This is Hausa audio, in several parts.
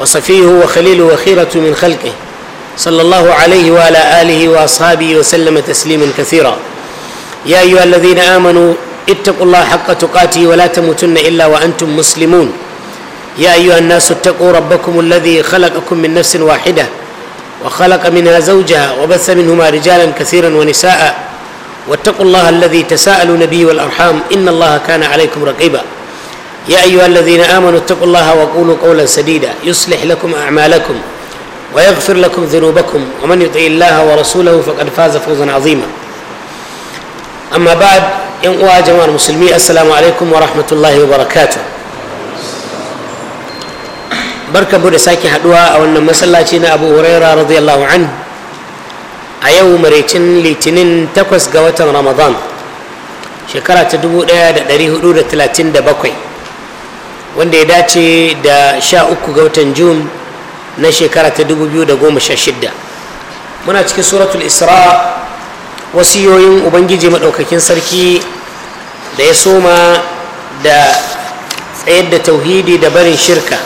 وصفيه وخليله وخيرة من خلقه صلى الله عليه وعلى آله وأصحابه وسلم تسليما كثيرا يا أيها الذين آمنوا اتقوا الله حق تقاته ولا تموتن إلا وأنتم مسلمون يا أيها الناس اتقوا ربكم الذي خلقكم من نفس واحدة وخلق منها زوجها وبث منهما رجالا كثيرا ونساء واتقوا الله الذي تساءلوا نبي والأرحام إن الله كان عليكم رقيبا يا أيها الذين آمنوا اتقوا الله وقولوا قولا سديدا يصلح لكم أعمالكم ويغفر لكم ذنوبكم ومن يطع الله ورسوله فقد فاز فوزا عظيما أما بعد ينقوا جماعة المسلمين السلام عليكم ورحمة الله وبركاته بركة برساك حدوا أو أن مسلا أبو هريرة رضي الله عنه أيو مريتن لتنين تقوس قوة رمضان شكرا تدبو دا داري هدود 30 دا بقوي wanda ya dace da sha uku ga watan jun na shekara ta dubu biyu da goma sha shidda muna cikin suratul isra wasiyoyin ubangiji maɗaukakin sarki da ya soma da tsayar da tauhidi da barin shirka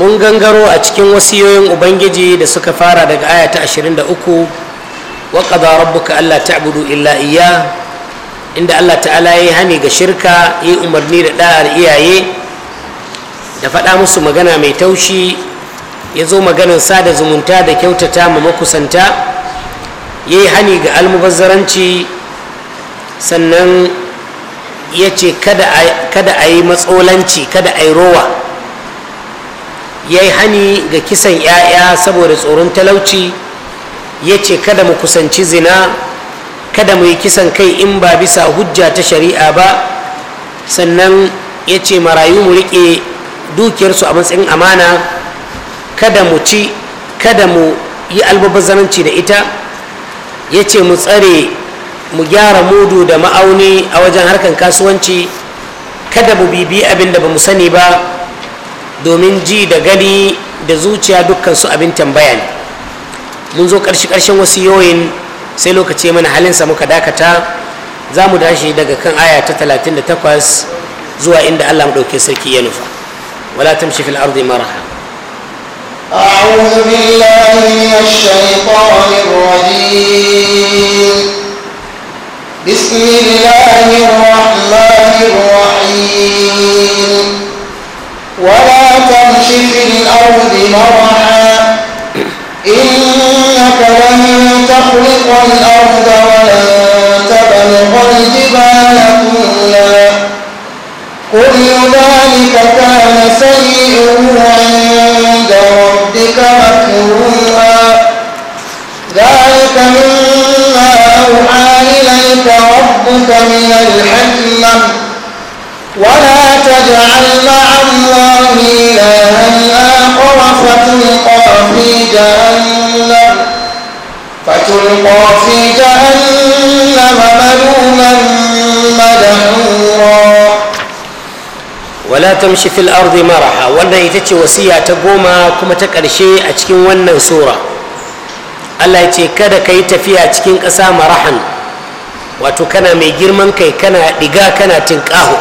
mun gangaro a cikin wasiyoyin ubangiji da suka fara daga aya ta 23 wa qada rabbuka ta ta'budu illa iya. inda allah ta'ala ya yi hani ga shirka ya yi umarni da ɗa'ar iyaye da faɗa musu magana mai taushi ya zo sa sada zumunta da kyautata ma makusanta ya yi hani ga almubazzaranci sannan ya ce kada a yi matsolanci kada a yi rowa ya yi hani ga kisan 'ya'ya saboda tsoron talauci ya ce kada mu kusanci zina kada mu yi kisan kai in ba bisa hujja ta shari'a ba sannan ya ce marayu mu riƙe dukiyarsu a matsayin amana kada mu ci kada mu yi albabazananci da ita ya ce mu tsare mu gyara mudu da ma'auni a wajen harkar kasuwanci kada mu bibi abin da ba mu sani ba domin ji da gani da zuciya dukkan su abin tambaya ne mun zo ƙarshe-ƙarshen wasu yoyin sai lokaci mana halinsa muka dakata za mu tashi daga kan aya ta 38 zuwa inda Allah ɗauke sarki ya nufa wala tamshi fil ardi maraha بسم الله الرحمن الرحيم ولا تمش في الأرض مرحا إنك لن تخلق الأرض ولن تبلغ الجبال كلا كل ذلك كان سيئه عند ربك مكروها ذلك مما أوحى إليك ربك من الحكمة ولا تجعل مع الله tamshi fil ardi maraha wannan ita ce wasiya ta goma kuma ta ƙarshe a cikin wannan sura Allah ya ce kada ka yi tafiya cikin ƙasa marahan wato kana mai girman kai kana ɗiga kana tinƙaho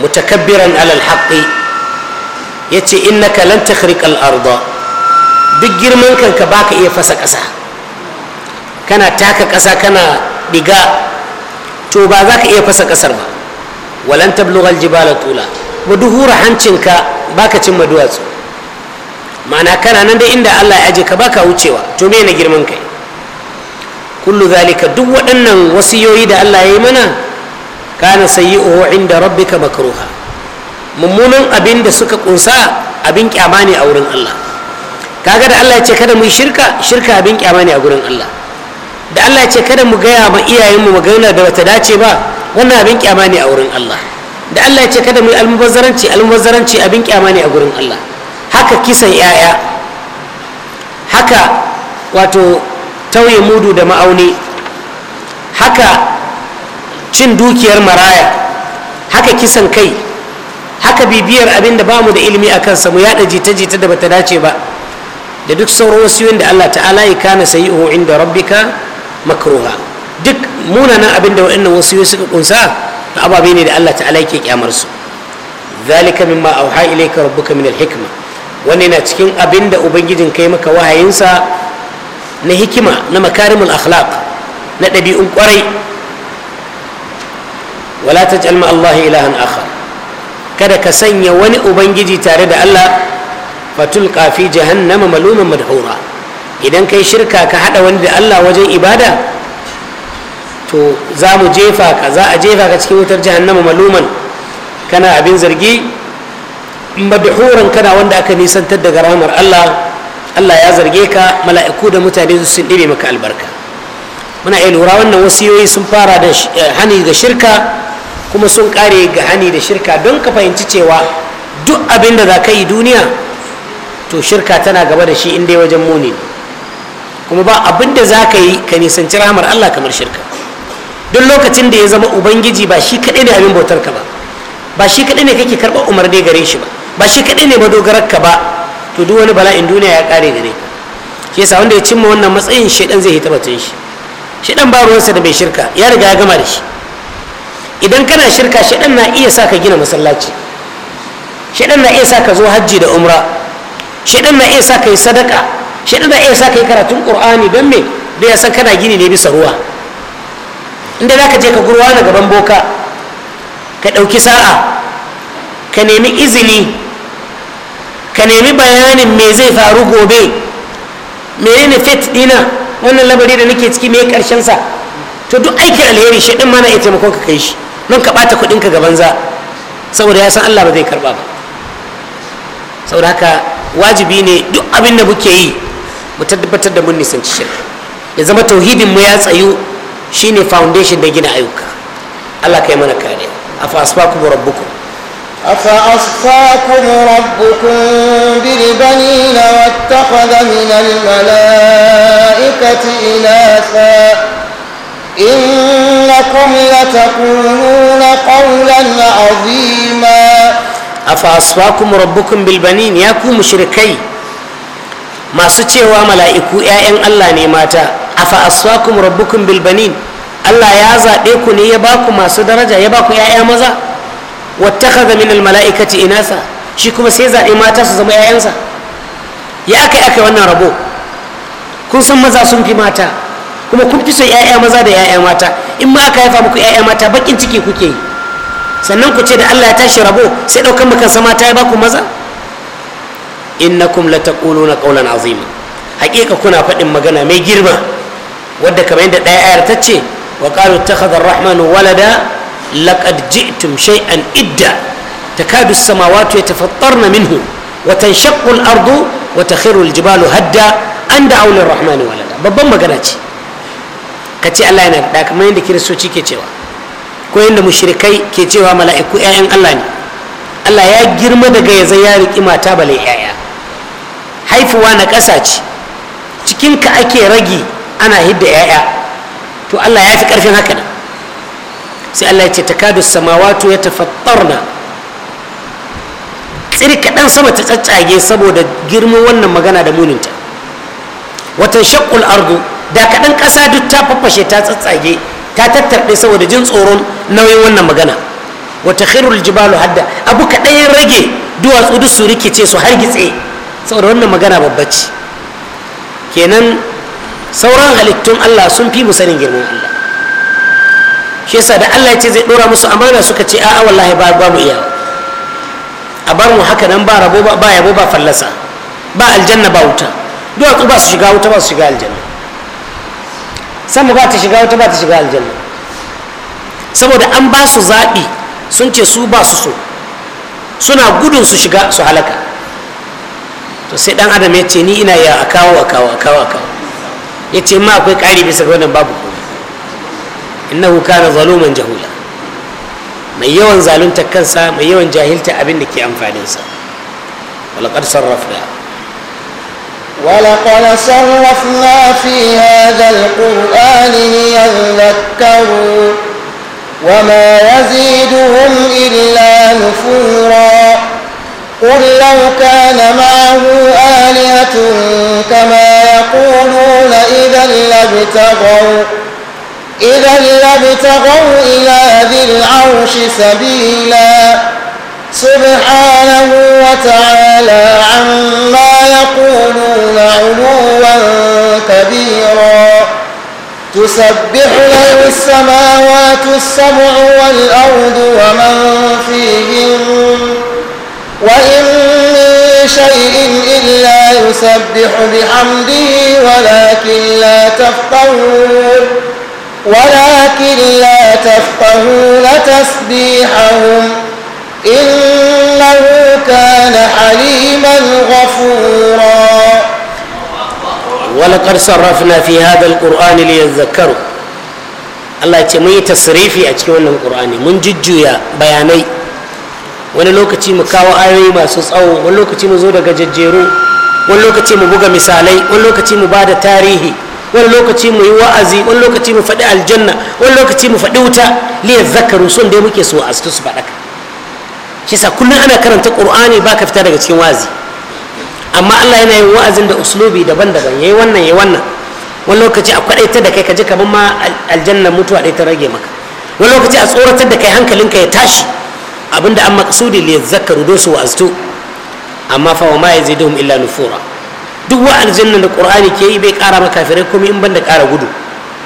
mutakabbiran alal haƙƙi ya ce innaka lan takhriqal arda duk girman kanka baka iya fasa ƙasa kana taka ƙasa kana ɗiga to ba za ka iya fasa ƙasar ba walan tablugha aljibala tula ba duhura hancinka baka cimma duwatsu ma'ana kana nan da inda Allah ya aje ka baka wucewa to me na girman kai kullu zalika duk waɗannan wasiyoyi da Allah ya yi mana kana sayyi'uhu inda rabbika makruha mummunan abin da suka kunsa abin kyama ne a wurin Allah kaga da Allah ya ce kada mu shirka shirka abin kyama ne a wurin Allah da Allah ya ce kada mu gaya ma iyayenmu magana da bata dace ba wannan abin kyama ne a wurin Allah da Allah ya ce kada mu yi almubazzaranci almubazzaranci abin kyama ne a gurin Allah haka kisan yaya haka wato tauye mudu da ma'auni haka cin dukiyar maraya haka kisan kai haka bibiyar abin da bamu da ilimi a kansa mu yada jita-jita da bata dace ba da duk sauran wasiyoyin da Allah ta'ala ya kana sayi'u inda rabbika makruha munanan abin da waɗannan wasu suka kunsa na ababe ne da Allah ta'ala yake kyamar su zalika mimma auha ilayka rabbuka min al wannan yana cikin abin da ubangijin kai maka wahayinsa na hikima na makarimul akhlaq na ɗabi'un kwarai wala taj'al ma Allah ilahan akhar kada ka sanya wani ubangiji tare da Allah fatulqa fi jahannama maluman madhura idan kai shirka ka hada wani da Allah wajen ibada to za mu jefa ka za a jefa ka cikin wutar jahannama maluman kana abin zargi madhuran kana wanda aka nisantar daga ramar Allah Allah ya zarge ka mala'iku da mutane su sun ɗibe maka albarka muna iya lura wannan wasiyoyi sun fara da eh, hani da shirka kuma sun kare ga hani da shirka don ka fahimci cewa duk abin da za ka yi duniya to shirka tana gaba da shi inda wajen muni kuma ba abin da za ka yi ka nisanci ramar Allah kamar shirka duk lokacin da ya zama ubangiji ba shi kaɗai ne abin bautar ka ba ba shi kaɗai ne kake karɓar umarni gare shi ba ba shi kaɗai ne madogarar ka ba to duk wani bala'in duniya ya kare gare ka shi yasa wanda ya cimma wannan matsayin shaidan zai hita batun shi shaidan ba ruwansa da bai shirka ya riga ya gama da shi idan kana shirka shaidan na iya sa ka gina masallaci shaidan na iya sa ka zo hajji da umra shaidan na iya sa ka yi sadaka shaidan na iya sa ka yi karatun qur'ani don me da ya san kana gini ne bisa ruwa inda za ka je ka gurwa na gaban boka ka ɗauki sa'a ka nemi izini ka nemi bayanin me zai faru gobe menene fet dina wannan labari da nake ciki me sa to duk aikin alheri shi din mana ya taimakon ka kai shi don ka bata kudin ka gaban za saboda ya san Allah ba zai karba ba saboda haka wajibi ne duk abin da muke yi mu tabbatar da mun nisanci shirka ya zama tauhidin mu ya tsayu shine foundation da gina ayyuka Allah kai mana kariya afa asfakum rabbukum afa asfakum rabbukum bil banin wattakhadha min al malaikati inasa innakum latakununa qawlan azima afa asfakum rabbukum bil banin ya ku mushrikai masu cewa mala'iku 'ya'yan Allah ne mata a aswakum rabbukum bil banin Allah ya zaɓe ku ne ya ba ku masu daraja ya ba ku ‘ya'ya maza wattakhadha min ina sa shi kuma sai zaɓe mata su zama ‘ya'yansa ya aka aka wannan rabo kun san maza sun fi mata kuma kun fi son ‘ya'ya maza da ‘ya'ya mata in ma aka haifa muku ‘ya'ya mata bakin ciki kuke yi sannan ku ce da Allah ya tashi rabo sai ɗaukan makansa mata ya ba ku maza innakum lataquluna qawlan azima haƙiƙa kuna faɗin magana mai girma wadda kamar yadda ɗaya ayar ta ce wa qalu ittakhadha ar-rahmanu walada laqad ji'tum shay'an idda takadu as-samawati yatafattarna minhu wa tanshaqqu al-ardu wa takhiru al-jibalu hadda an da'u lir-rahmani walada babban magana ce ka ce Allah yana da kamar yadda kiristoci ke cewa ko yadda mushrikai ke cewa mala'iku 'ya'yan Allah ne Allah ya girma daga ya ya riƙi mata balai 'ya'ya haifuwa na ƙasa ce cikinka ake ragi ana hidda ya'ya to Allah ya fi karfin haka nan sai Allah ya ce takadu samawatu ya tafattarna tsiri kaɗan sama ta tsatsage saboda girman wannan magana da muninta watan shakul ardu da kaɗan ƙasa duk ta faffashe ta tsatsage ta tattarɗe saboda jin tsoron nauyin wannan magana wata khairul jibalu hadda abu kaɗan ya rage duwatsu duk su rikice su hargitse saboda wannan magana ce kenan sauran halittun Allah sun fi mu sanin girman Allah shi yasa da Allah ya ce zai dora musu amana suka ce a'a wallahi ba ba mu iya a bar mu haka nan ba rabo ba yabo ba fallasa ba aljanna ba wuta duwatsu ba su shiga wuta ba su shiga aljanna sama ba ta shiga wuta ba ta shiga aljanna saboda an ba su zaɓi sun ce su ba su so suna gudun su shiga su halaka to sai dan adam ya ce ni ina ya a kawo a kawo a kawo a kawo yace ma akwai ƙari bisa ga wannan babu komai innahu kana zaluman jahula mai yawan zalunta kansa mai yawan jahilta abin da ke amfaninsa walaqad sarrafna ولقد صرفنا في هذا القرآن ليذكروا وما يزيدهم إلا نفورا قل لو كان معه آلهة كما يقولون إذا لابتغوا إذا لابتغوا إلى ذي العرش سبيلا سبحانه وتعالى عما يقولون علوا كبيرا تسبح له السماوات السبع والأرض ومن فيهم وإن شيء إلا يسبح بحمده ولكن لا تفقهون ولكن لا تفقهون تسبيحهم إنه كان حليما غفورا ولقد صرفنا في هذا القرآن ليذكروا الله يتمي تصريفي أتكلم القرآن من ججيا بياني wani lokaci mu kawo ayoyi masu tsawo wani lokaci mu zo daga jajjeru. wani lokaci mu buga misalai wani lokaci mu bada tarihi wani lokaci mu yi wa'azi wani lokaci mu faɗi aljanna wani lokaci mu faɗi wuta liyar zakaru sun dai muke so a su su faɗaka shi sa kullum ana karanta ƙur'ani ba ka fita daga cikin wa'azi amma allah yana yin wa'azin da uslubi daban-daban yayi wannan yayi wannan wani lokaci a kwaɗaita da kai ka ji kamar ma aljanna mutuwa ɗaya ta rage maka wani lokaci a tsoratar da kai hankalinka ya tashi abinda an maksudi li zakaru dosu wa astu amma fa wa ma yazidum illa nufura duk wa nan da qur'ani ke yi bai kara maka kafirai komai in banda kara gudu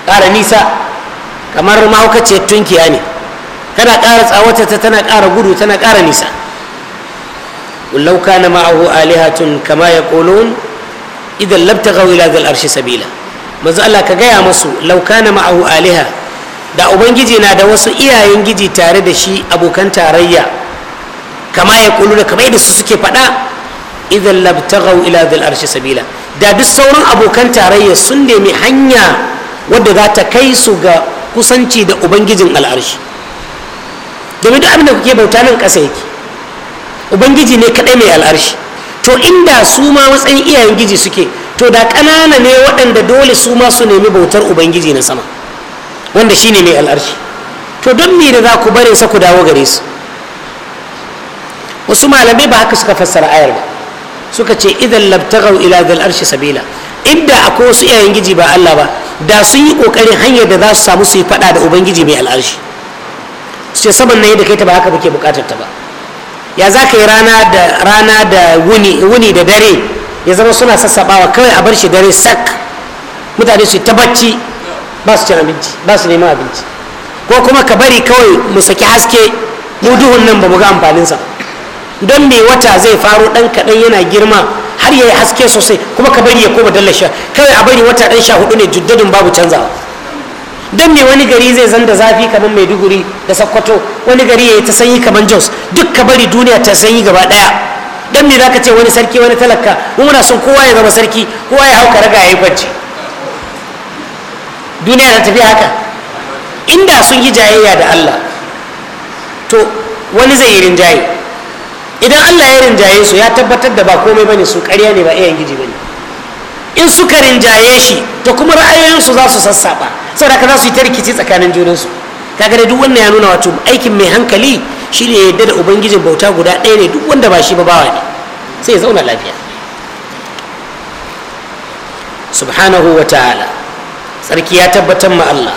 kara nisa kamar ce tunkiya ne kana kara tsawata ta tana kara gudu tana kara nisa ولو كان ma'ahu alihatun kama يقولون idan لابتغوا إلى ذي الأرش Sabila. manzo Allah ka gaya masu laukana ma'ahu aliha da ubangiji na da wasu iyayen giji tare da shi abokan tarayya kama ya kulu da kamar yadda su suke faɗa idan labtagau ila zil arshi sabila da duk sauran abokan tarayya sun nemi hanya wadda za ta kai su ga kusanci da ubangijin al'arshi domin duk abin da kuke bauta nan ƙasa yake ubangiji ne kaɗai mai al'arshi to inda su ma matsayin iyayen giji suke to da ƙanana ne waɗanda dole su ma su nemi bautar ubangiji na sama wanda shine mai al'arshi to don me da za ku bare sa ku dawo gare su wasu malamai ba haka suka fassara ayar ba suka ce idan labtagau ila dal arshi sabila inda akwai wasu iyayen giji ba Allah ba da sun yi kokarin hanyar da za su samu su yi fada da ubangiji mai al'arshi su ce saman nan yadda kai ta ba haka kake bukatar ta ba ya za ka yi rana da rana da wuni wuni da dare ya zama suna sassabawa kawai a bar shi dare sak mutane su ta bacci ba su cin abinci ba su neman abinci ko kuma ka bari kawai mu saki haske mu duhun nan ba mu ga sa don me wata zai faro dan kaɗan yana girma har ya yi haske sosai kuma ka bari ya koma dalla sha kawai a bari wata dan sha hudu ne juddadin babu canza don me wani gari zai zanda zafi kamar maiduguri da sakkwato wani gari ya yi ta sanyi kamar jos duk ka bari duniya ta sanyi gaba ɗaya don me za ka ce wani sarki wani talaka mu muna son kowa ya zama sarki kowa ya hau raga ya yi kwanci duniya na tafiya haka inda sun yi jayayya da Allah to wani zai yi rinjaye idan Allah ya rinjaye su ya tabbatar da ba komai bane su ƙarya ne ba iyayen giji bane in suka rinjaye shi to kuma ra'ayoyinsu za su sassaba saboda ka za su yi ta rikici tsakanin junansu kaga da duk wannan ya nuna wato aikin mai hankali shine ya yarda da ubangijin bauta guda ɗaya ne duk wanda ba shi ba bawa ne sai ya zauna lafiya subhanahu wa ta'ala tsarki ya tabbatar ma Allah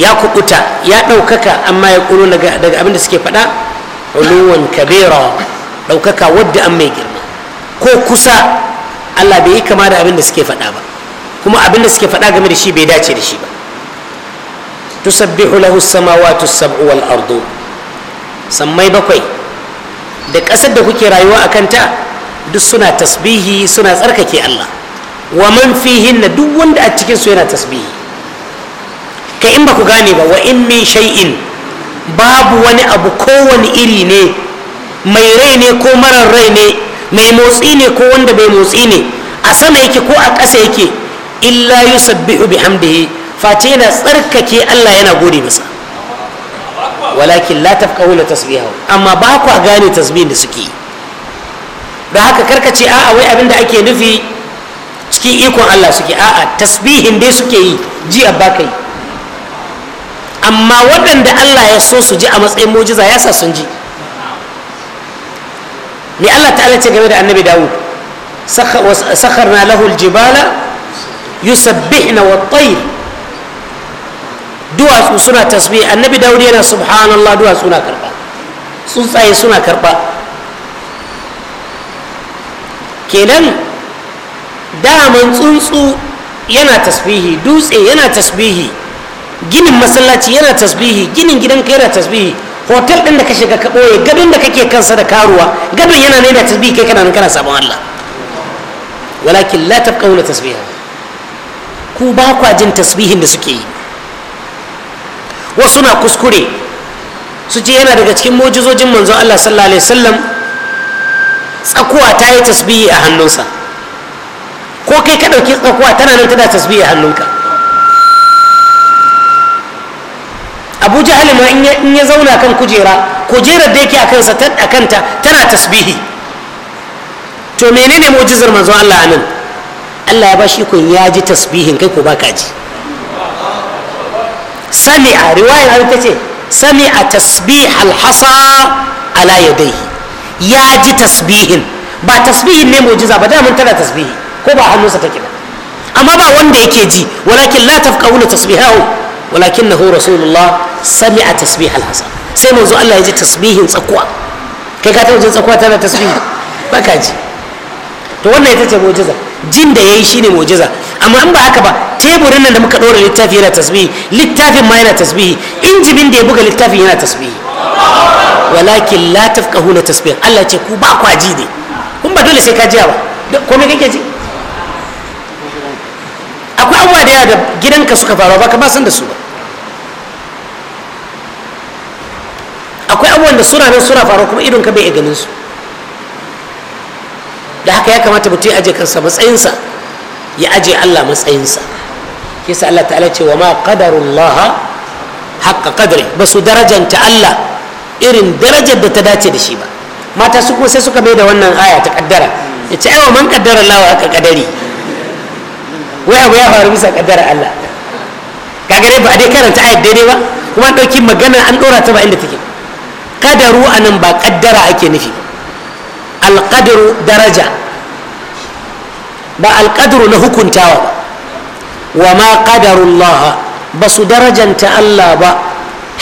ya kubuta ya ɗaukaka amma ya ƙuro daga abin da suke faɗa uluwan kabira ɗaukaka wadda an mai girma ko kusa Allah bai yi kama da abin da suke faɗa ba kuma abin da suke faɗa game da shi bai dace da shi ba tusabbihu lahu samawati sab'u wal ardu sammai bakwai da ƙasar da kuke rayuwa a kanta duk suna tasbihi suna tsarkake Allah wa man fihinna duk wanda a cikin su yana tasbihi kai in ba ku gane ba wa in min shay'in babu wani abu kowane iri ne mai rai ne ko marar rai ne mai motsi ne ko wanda bai motsi ne a sama yake ko a ƙasa yake illa yusabbihu bihamdihi face yana tsarkake Allah yana gode masa walakin la la tasbihahu amma ba ku gane tasbihin da suke da haka karkace a'a wai abin da ake nufi cikin ikon Allah suke a'a tasbihin dai suke yi ji abba kai amma waɗanda Allah ya so su ji a matsayin mujiza ya sa sun ji me Allah ta'ala ce game da annabi Dawud sakharna lahu jibala yusabbihna wat-tayr duwatsu suna tasbih annabi Dawud yana subhanallah duwatsu suna karba tsuntsaye suna karba kenan daman tsuntsu yana tasbihi dutse yana tasbihi ginin masallaci yana tasbihi ginin gidan kai yana tasbihi hotel ɗin da ka shiga ka ɓoye gadon da kake kansa da karuwa gadon yana ne da tasbihi kai kana kana sabon Allah walakin la la tasbiha ku ba kwa jin tasbihin da suke yi wasu na kuskure su ce yana daga cikin mujizojin manzon Allah sallallahu alaihi wasallam tsakuwa ta yi tasbihi a hannunsa ko kai ka ɗauki tsakuwa tana nan tana tasbiya hannunka abu jahal ma in ya zauna kan kujera kujerar da yake a kansa a kanta tana tasbihi to menene mu'jizar manzon Allah anan Allah ya bashi kun ya ji tasbihin kai ko baka ji sami'a riwaya har ta ce sami'a tasbih al-hasa ala yadayhi ya ji tasbihin ba tasbihin ne mu'jiza ba da mun tana tasbihi ko ba hannunsa take ba amma ba wanda yake ji walakin la tafqahuna tasbihahu walakinahu rasulullah sami'a tasbih al-hasan sai manzo Allah ya ji tasbihin tsakuwa kai ka taɓa jin tsakuwa tana tasbihi ka ji to wannan ita ce mu'jiza jin da yayi shine mu'jiza amma in ba haka ba teburin nan da muka ɗora littafi yana tasbihi littafin ma yana tasbihi injibin da ya buga littafin yana tasbihi walakin la tafqahuna tasbih Allah ce ku ba kwaji ne kun ba dole sai ka ji ba komai kake ji akwai abubuwa da yawa da gidanka suka faru ba ka ba san da su ba akwai abubuwan da suna nan suna faru kuma idon ka bai ganin su da haka ya kamata mutum aje kansa matsayinsa ya aje Allah matsayinsa yasa Allah ta'ala ce wa ma laha haqqa qadri ba su darajanta Allah irin darajar da ta dace da shi ba mata su kuma sai suka mai da wannan aya ta kaddara ya ce aiwa man kaddara Allah haqqa kadari wai abu ya faru bisa kaddara Allah kaga dai ba dai karanta ayat daidai ba kuma an ɗauki magana an ɗora ta ba inda take kadaru a nan ba kaddara ake nufi alƙadaru daraja ba alƙadaru na hukuntawa ba wa ma ƙadarullaha ba su darajanta Allah ba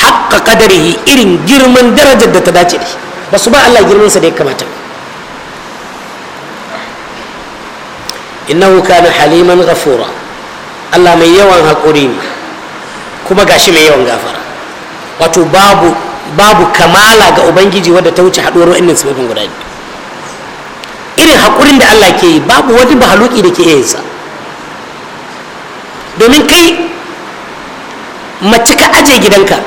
haƙa ƙadarihi irin girman darajar da ta dace da ba su ba Allah girmansa da ya kamata ba innahu kana haliman ghafura Allah mai yawan haƙuri ne kuma gashi mai yawan gafara wato babu kamala ga ubangiji wadda ta wuce haɗuwar wa'annan sifofin guda biyu irin haƙurin da Allah ke yi babu wani bahaluki da ke iya yinsa domin kai mace ka aje gidanka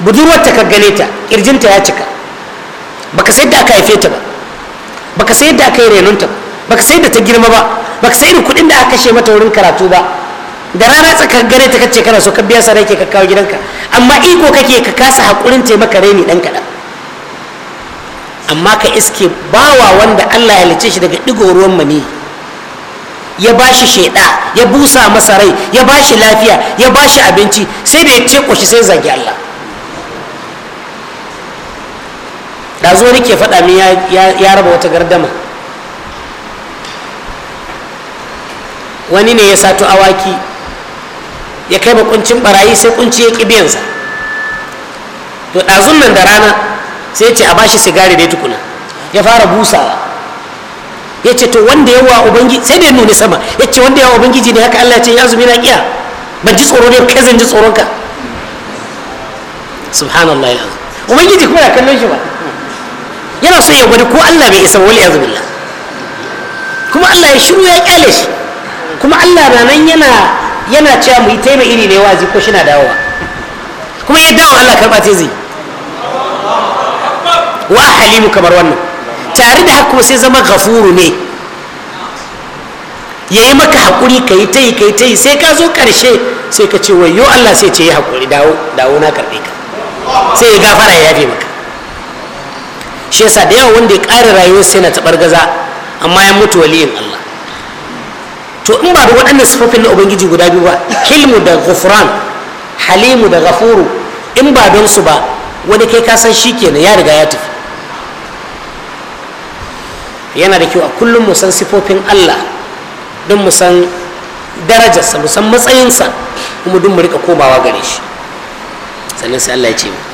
budurwarta ka gane ta ƙirjinta ya cika baka sai da aka haife ta ba baka sai da aka yi renonta baka sai da ta girma ba baka sai da kuɗin da aka kashe mata wurin karatu ba da rana tsakar gare ta kace kana so ka biya sa ke ka kawo gidanka amma iko kake ka kasa hakurin taimaka reni dan kaɗan amma ka iske bawa wanda Allah ya lice shi daga ɗigo ruwan mani ya bashi sheda ya busa masa rai ya bashi lafiya ya bashi abinci sai da ya teko shi sai zagi Allah da zo ke faɗa min ya raba wata gardama wani ne ya sato awaki ya kai ba kuncin barayi sai kunci ya kibiyansa to ɗazun nan da rana sai ya ce a bashi sigari dai tukuna ya fara busawa ya ce to wanda yawa ubangiji sai da ya nuna sama ya ce wanda yawa ubangiji ne haka Allah ya ce ya azumi na kiya ban ji tsoro ne kai zan ji tsoron ka subhanallah ya ubangiji kuma ya kallon shi ba yana so ya gwada ko Allah bai isa wal yazbillah kuma Allah ya shiru ya kyale shi kuma Allah na nan yana yana cewa mu ita mai iri ne wazi ko shi na dawowa kuma ya dawo Allah karɓa ce zai wa halimu kamar wannan tare da haka sai zama gafuru ne ya yi maka haƙuri ka yi ta yi ka yi ta yi sai ka zo ƙarshe sai ka ce wayo Allah sai ce yi haƙuri dawo na karɓe ka sai ya gafara ya yafe maka shi yasa da yawa wanda ya ƙara rayuwar sai na taɓar gaza amma ya mutu waliyin Allah to in ba da waɗannan sifofin na ubangiji guda biyu ba hilmu da ghufran halimu da ghafuru in ba don su ba wani kai ka san shi kenan ya riga ya tafi yana da kyau a kullum mu san sifofin Allah don mu san darajarsa mu san matsayinsa kuma don mu rika komawa gare shi sannan sai Allah ya ce mu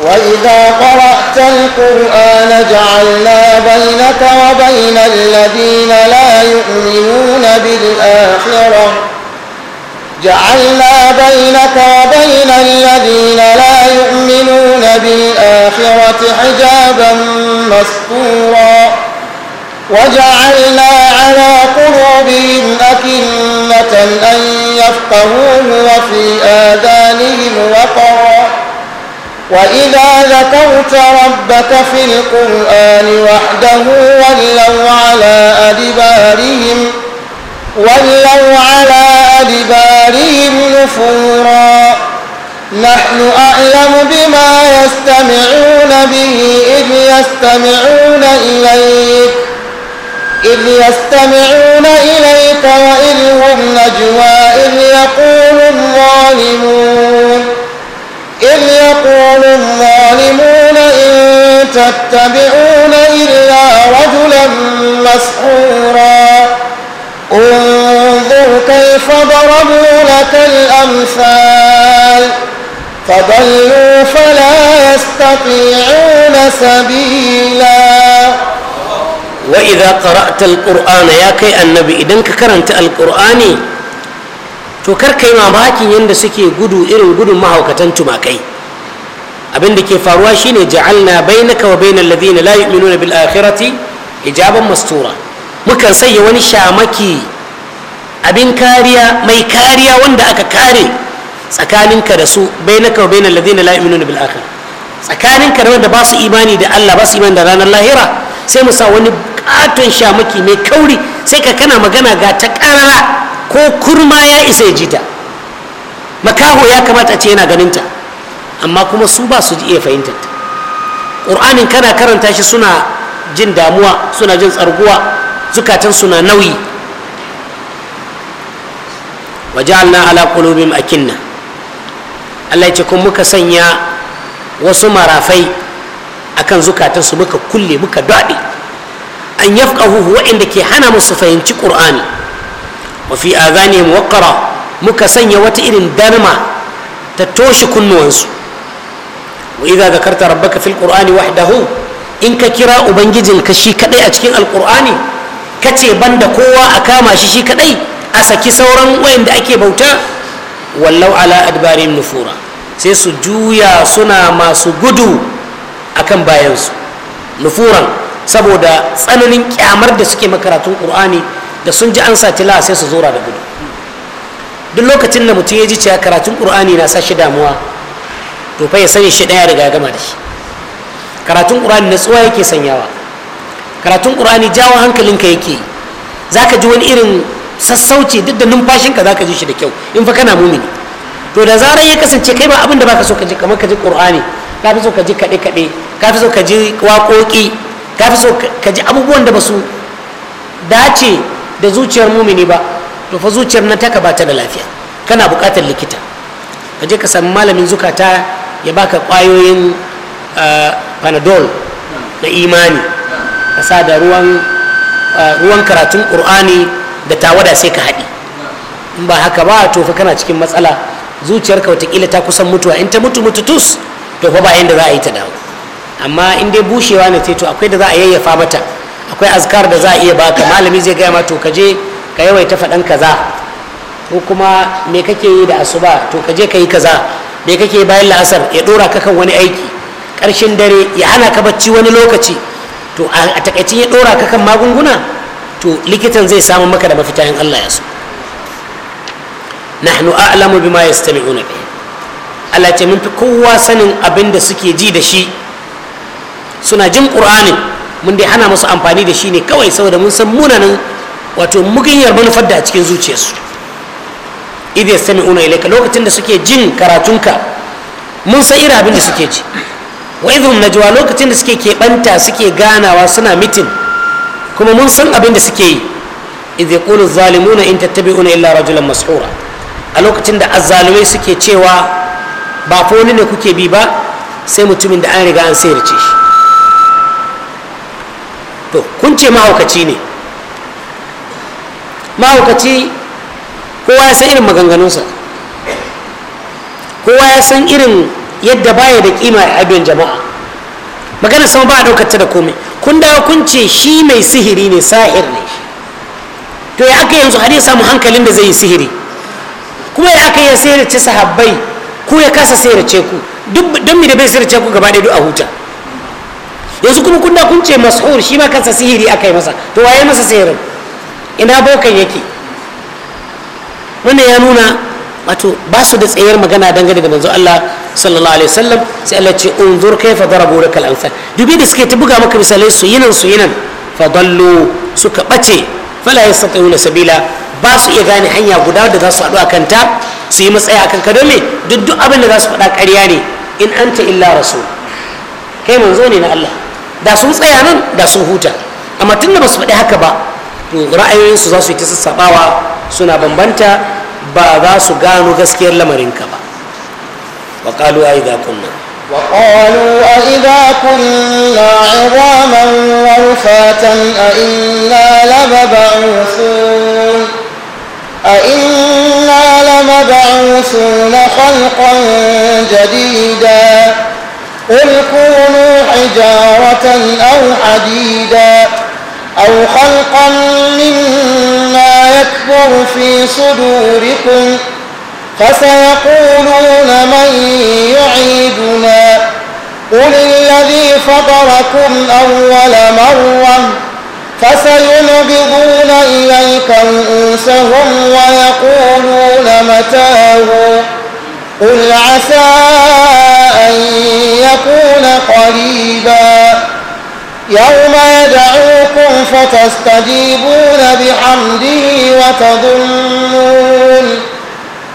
وإذا قرأت القرآن جعلنا بينك وبين الذين لا يؤمنون بالآخرة جعلنا بينك وبين الذين لا يؤمنون بالآخرة حجابا مستورا وجعلنا على قلوبهم أكنة أن يفقهوه وفي آذانهم وقرا وإذا ذكرت ربك في القرآن وحده ولوا على أدبارهم ولوا على أدبارهم نفورا نحن أعلم بما يستمعون به إذ يستمعون إليك إذ يستمعون إليك وإذ هم نجوى إذ يقول الظالمون إذ يقول الظالمون إن تتبعون إلا رجلا مسحورا انظر كيف ضربوا لك الأمثال فضلوا فلا يستطيعون سبيلا وإذا قرأت القرآن يا كي النبي إذن كرنت القرآن ما kar يندسكي mamakin إلو suke ما هو gudun ما كي abin da ke faruwa shine ja'alna bainaka wa bainal ladina la yu'minuna bil akhirati hijaban mastura mukan sanya wani shamaki abin kariya mai kariya wanda aka kare tsakaninka da su bainaka wa bainal ladina la yu'minuna bil akhirah tsakaninka da wanda ba su imani da Allah ba su imani da ranar lahira sai mu sa wani katon shamaki mai kauri sai ka kana magana ga ta karara ko kurma ya isa ya jita makaho ya kamata a ce yana ganinta amma kuma su ba su iya fahimtar ta ƙur'anin kana karanta shi suna jin damuwa suna jin tsarguwa zukatan suna nauyi waja'alna ala qulubihim akinna Allah ya ce kun muka sanya wasu marafai akan zukatan su muka kulle muka daɗe an yafqahu wa'inda ke hana musu fahimci qur'ani wa fi azanihim waqara muka sanya wata irin darma ta toshe kunnuwansu wa idza zakarta rabbaka fil qur'ani wahdahu in ka kira ubangijin ka shi kadai a cikin alqur'ani kace banda kowa a kama shi shi kadai a saki sauran wayanda ake bauta wallau ala adbarin nufura sai su juya suna masu gudu akan bayansu nufuran saboda tsananin kyamar da suke makaratu qur'ani da sun ji an satila sai su zura da gudu duk lokacin da mutum ya ji cewa karatun ƙur'ani na sa shi damuwa to fa ya sani shi ɗaya riga gama da shi karatun ƙur'ani na tsuwa yake sanyawa karatun ƙur'ani jawo hankalinka yake yi za ka ji wani irin sassauci duk da numfashinka za ka ji shi da kyau in fa kana mumini to da zarar ya kasance kai ba abin da baka so ka ji kamar ka ji qur'ani ka fi so ka ji kaɗe kaɗe ka fi so ka ji waƙoƙi ka fi so ka ji abubuwan da ba su dace da zuciyar mumini ba to fa zuciyar nan taka ba ta da lafiya kana bukatar likita ka je ka sami malamin zukata ya baka kwayoyin eh, panadol na imani ka sa da ruwan eh, karatun ƙur'ani da tawada sai ka haɗi in ba haka ba tofa kana cikin matsala zuciyarka watakila ta kusan mutuwa in ta mutu mutu tus to ba ba yadda za a yi ta dawo amma in dai bushewa ne sai to akwai da za a yayyafa mata akwai azkar da za a iya baka malami zai gaya ma to ka je ka yawaita faɗan kaza ko kuma me kake yi da asuba to ka je ka yi kaza da kake bayan la'asar ya dora ka kan wani aiki ƙarshen dare ya hana ka bacci wani lokaci to a takaicin ya dora ka kan magunguna to likitan zai samu maka da mafita in Allah ya so nahnu a'lamu bima yastami'una bi Allah ce mun fi kowa sanin abin da suke ji da shi suna jin qur'anin mun dai hana musu amfani da shi ne kawai saboda mun san munanan wato mugunyar manufar da a cikin zuciyarsu idai sami una ilaika lokacin da suke jin karatunka mun san ira abin da suke ji wa idhum najwa lokacin da suke keɓanta suke ganawa suna mitin kuma mun san abin da suke yi idai qulu zalimuna in tattabi'una illa rajulan mas'ura a lokacin da azzalumai suke cewa ba foli ne kuke bi ba sai mutumin da an riga an sayarce shi to kun ce mahaukaci ne mahaukaci kowa ya san irin maganganunsa kowa ya san irin yadda baya da kima a abin jama'a maganar sama ba a daukar ta da komai kun dawo kun ce shi mai sihiri ne sahir ne to ya aka yanzu har ya samu hankalin da zai yi sihiri kuma ya aka yi sihirce sahabbai ku ya kasa sihirce ku don mi da bai sihirce ku gaba ɗaya a huta yanzu kuma kun da kun ce mas'ur shi ma kansa sihiri aka yi masa to waye masa sihirin ina bokan yake wannan ya nuna wato ba su da tsayar magana dangane da manzo Allah sallallahu alaihi wasallam sai Allah ce unzur kaifa darabu lak al amsal dubi da suke ta buga maka misalai su yinan su yinan fa dallu suka bace fala yastati'una sabila ba su iya gane hanya guda da za su haɗu a kanta su yi matsaya a kanka don me duk duk abin da za su faɗa ƙarya ne in anta illa rasul kai manzo ne na Allah da su tsaya nan da su huta amma tunda ba su faɗi haka ba to ra'ayoyinsu za su yi ta sassaɓawa suna bambanta بابا سقانو كسكير لمرين كبا وقالوا أئذا كنا وقالوا أئذا كنا عظاما ورفاتا أئنا لمبعوثون أئنا لمبعوثون خلقا جديدا قل كونوا حجارة أو حديدا أو خلقا مما يكبر في صدوركم فسيقولون من يعيدنا قل الذي فطركم أول مرة فسينبضون إليك أنسهم ويقولون متاه قل عسى أن يكون قريباً يوم يدعوكم فتستجيبون بحمده وتظنون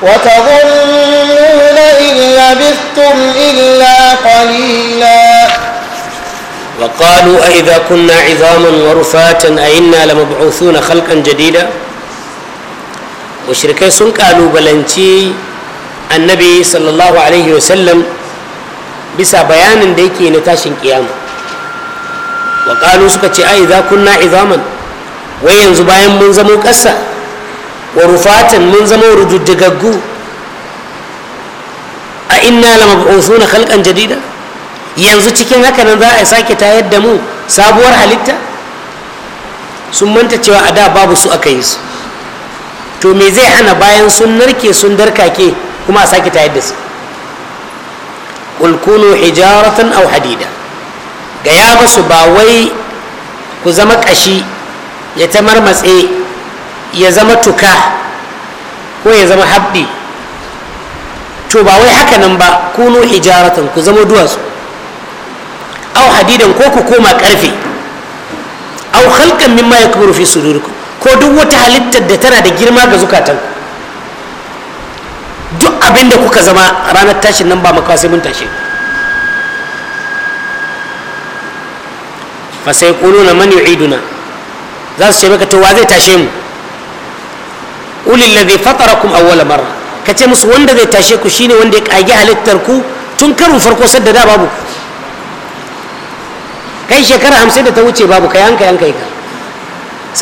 وتظنون إن لبثتم إلا قليلا وقالوا أئذا كنا عظاما ورفاتا أئنا لمبعوثون خلقا جديدا مشركين قالوا بلنتي النبي صلى الله عليه وسلم بسا بيان ديكي نتاشن قيامه wa suka ce ai za kunna izaman wai yanzu bayan mun zamo ƙasa wa rufatan mun zamo rududdigaggu a inna na halkan jadida yanzu cikin haka nan za a sake tayar da mu sabuwar halitta sun manta cewa a da babu su aka yi su to me zai hana bayan sun narke sun darkake kuma a sake tayar da su ƙulkunu hijaratan au hadida gaya basu ba wai ku zama kashi ya ta marmatse ya zama tuka ko ya zama haɓɓi to ba wai haka nan ba kuno hijaratan ku zama duwatsu au hadidan ko ku koma ƙarfe au halkan min ma ya rufe su sudurikum ko duk wata halittar da tana da girma ga zukatan duk abinda kuka zama ranar tashin nan ba makawa sai mun tashi. fa sai quluna man yu'iduna za su ce maka to wa zai tashe mu ulil ladhi fatarakum awwala marra kace musu wanda zai tashe ku shine wanda ya kage halittar ku tun karin farko sadda da babu kai shekara hamsin da ta wuce babu kai hanka yanka ka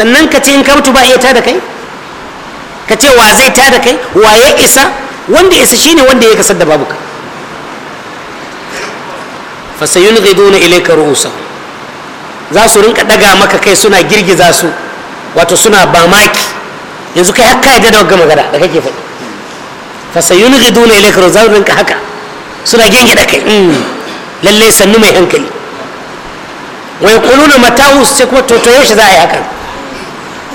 sannan kace in ka mutu ba iya tada kai kace ce wa zai tada kai wa ya isa wanda isa shine wanda ya kasar da babu ka fasayun ghaiduna ilayka ru'usa za su rinka daga maka kai suna girgiza su wato suna bamaki yanzu kai haka yadda da wagga magana da kake faɗi fasayun gidu ne ilaika za su rinka haka suna da kai mm, lallai sannu mai hankali wai kuluna mata'u sai kuma to yaushe za a yi hakan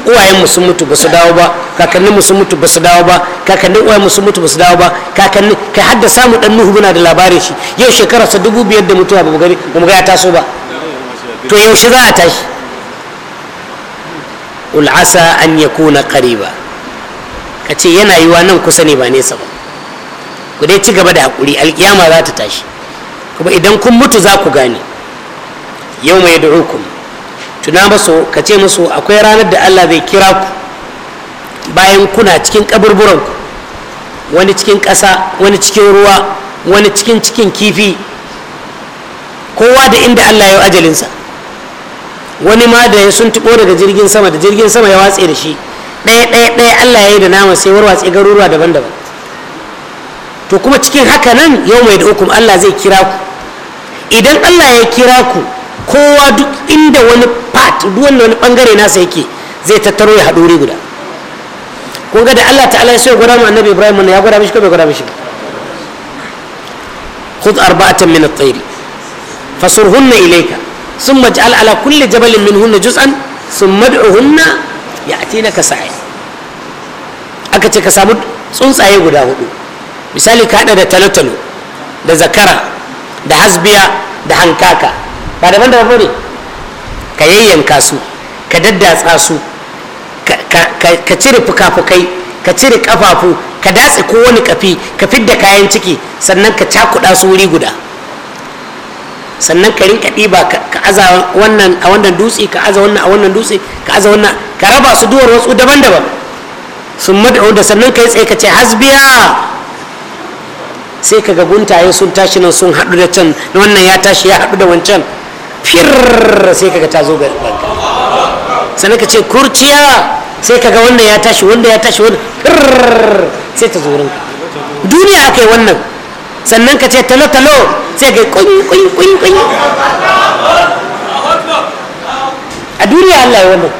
uwayenmu sun mutu ba su dawo ba kakanninmu sun mutu ba su dawo ba kakannin uwayenmu sun mutu ba su dawo ba kakannin kai hadda samu dan nuhu muna da labarin shi yau shekara sa dubu biyar da mutuwa ba mu ga ya taso ba to yaushe za a tashi ul'asa an ya kuna ƙariba. ka ce yana yiwa nan kusa ne ba nesa ba ku dai ci gaba da haƙuri alƙiyama za ta tashi kuma idan kun mutu za ku gane yau mai da'ukum tuna masu ka ce maso akwai ranar da allah zai kira ku bayan kuna cikin ƙaburburanku wani cikin ƙasa wani cikin ruwa wani cikin cikin kifi kowa da inda allah ya yi ajalinsa wani ma da sun tuko daga jirgin sama da jirgin sama ya watse da shi ɗaya ɗaya ɗaya allah ya yi da nama sai warwatse garuruwa daban-daban to kuma cikin haka nan yau mai da hukum allah zai kira ku idan allah ya kira ku kowa duk inda wani part duk wanda wani bangare nasa yake zai tattaro ya haɗu guda kun ga da allah ta'ala ya so ya gwada mu annabi ibrahim ya gwada mishi ko bai gwada mishi arba'atan min at الطير fasurhunna ilayka sun kulle min hunna jus'an sun mad'u hunna ya ati na ka sa'ai aka ce ka samu tsuntsaye guda hudu misali ka hada da talotalo da zakara da hasbiya da hankaka ba da banda daban ne ka yayyanka su ka daddatsa su ka cire fukafukai ka cire kafafu ka datse kowane kafi ka fidda kayan ciki sannan ka cakuɗa su wuri guda sannan ka rinka ɗiba ka aza wannan a wannan dutse ka aza wannan a wannan dutse ka aza wannan ka raba su duwar wasu daban-daban sun mad'u da sannan ka yi tsaye ka ce hasbiya sai ka ga guntaye sun tashi nan sun haɗu da can wannan ya tashi ya haɗu da wancan fir sai ka ga ta zo ga banka sannan ka ce kurciya sai ka ga wannan ya tashi wanda ya tashi wanda fir sai ta zo duniya aka yi wannan sannan ka ce talo-talo sai ka kunyi-kunyi-kunyi a duniya allah ya wannan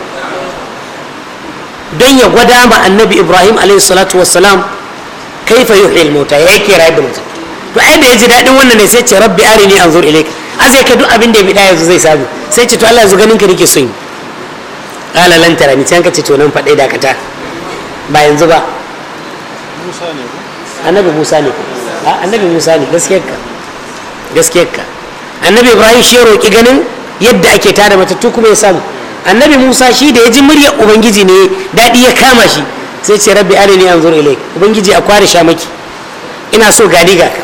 don ya gwada ma annabi ibrahim alaihi salatu kai kaifa yuhi mota ya yake rayu da mutum to ai da ya ji daɗin wannan ne sai ce rabbi arini anzur ilaik azai ka duk abin da ya bi ɗaya yanzu zai sami sai ce to allah yanzu ganin ka nake son yi ƙala lan tara ni can ka ce to nan faɗai dakata ba yanzu ba annabi musa ne ko annabi musa ne gaskiyarka gaskiyarka annabi ibrahim shi ya roƙi ganin yadda ake tada matattu kuma ya samu annabi musa shi da ya ji muryar ubangiji ne daɗi ya kama shi sai ce rabbi an anzur ilai ubangiji a kware shamaki ina so gadi ga ka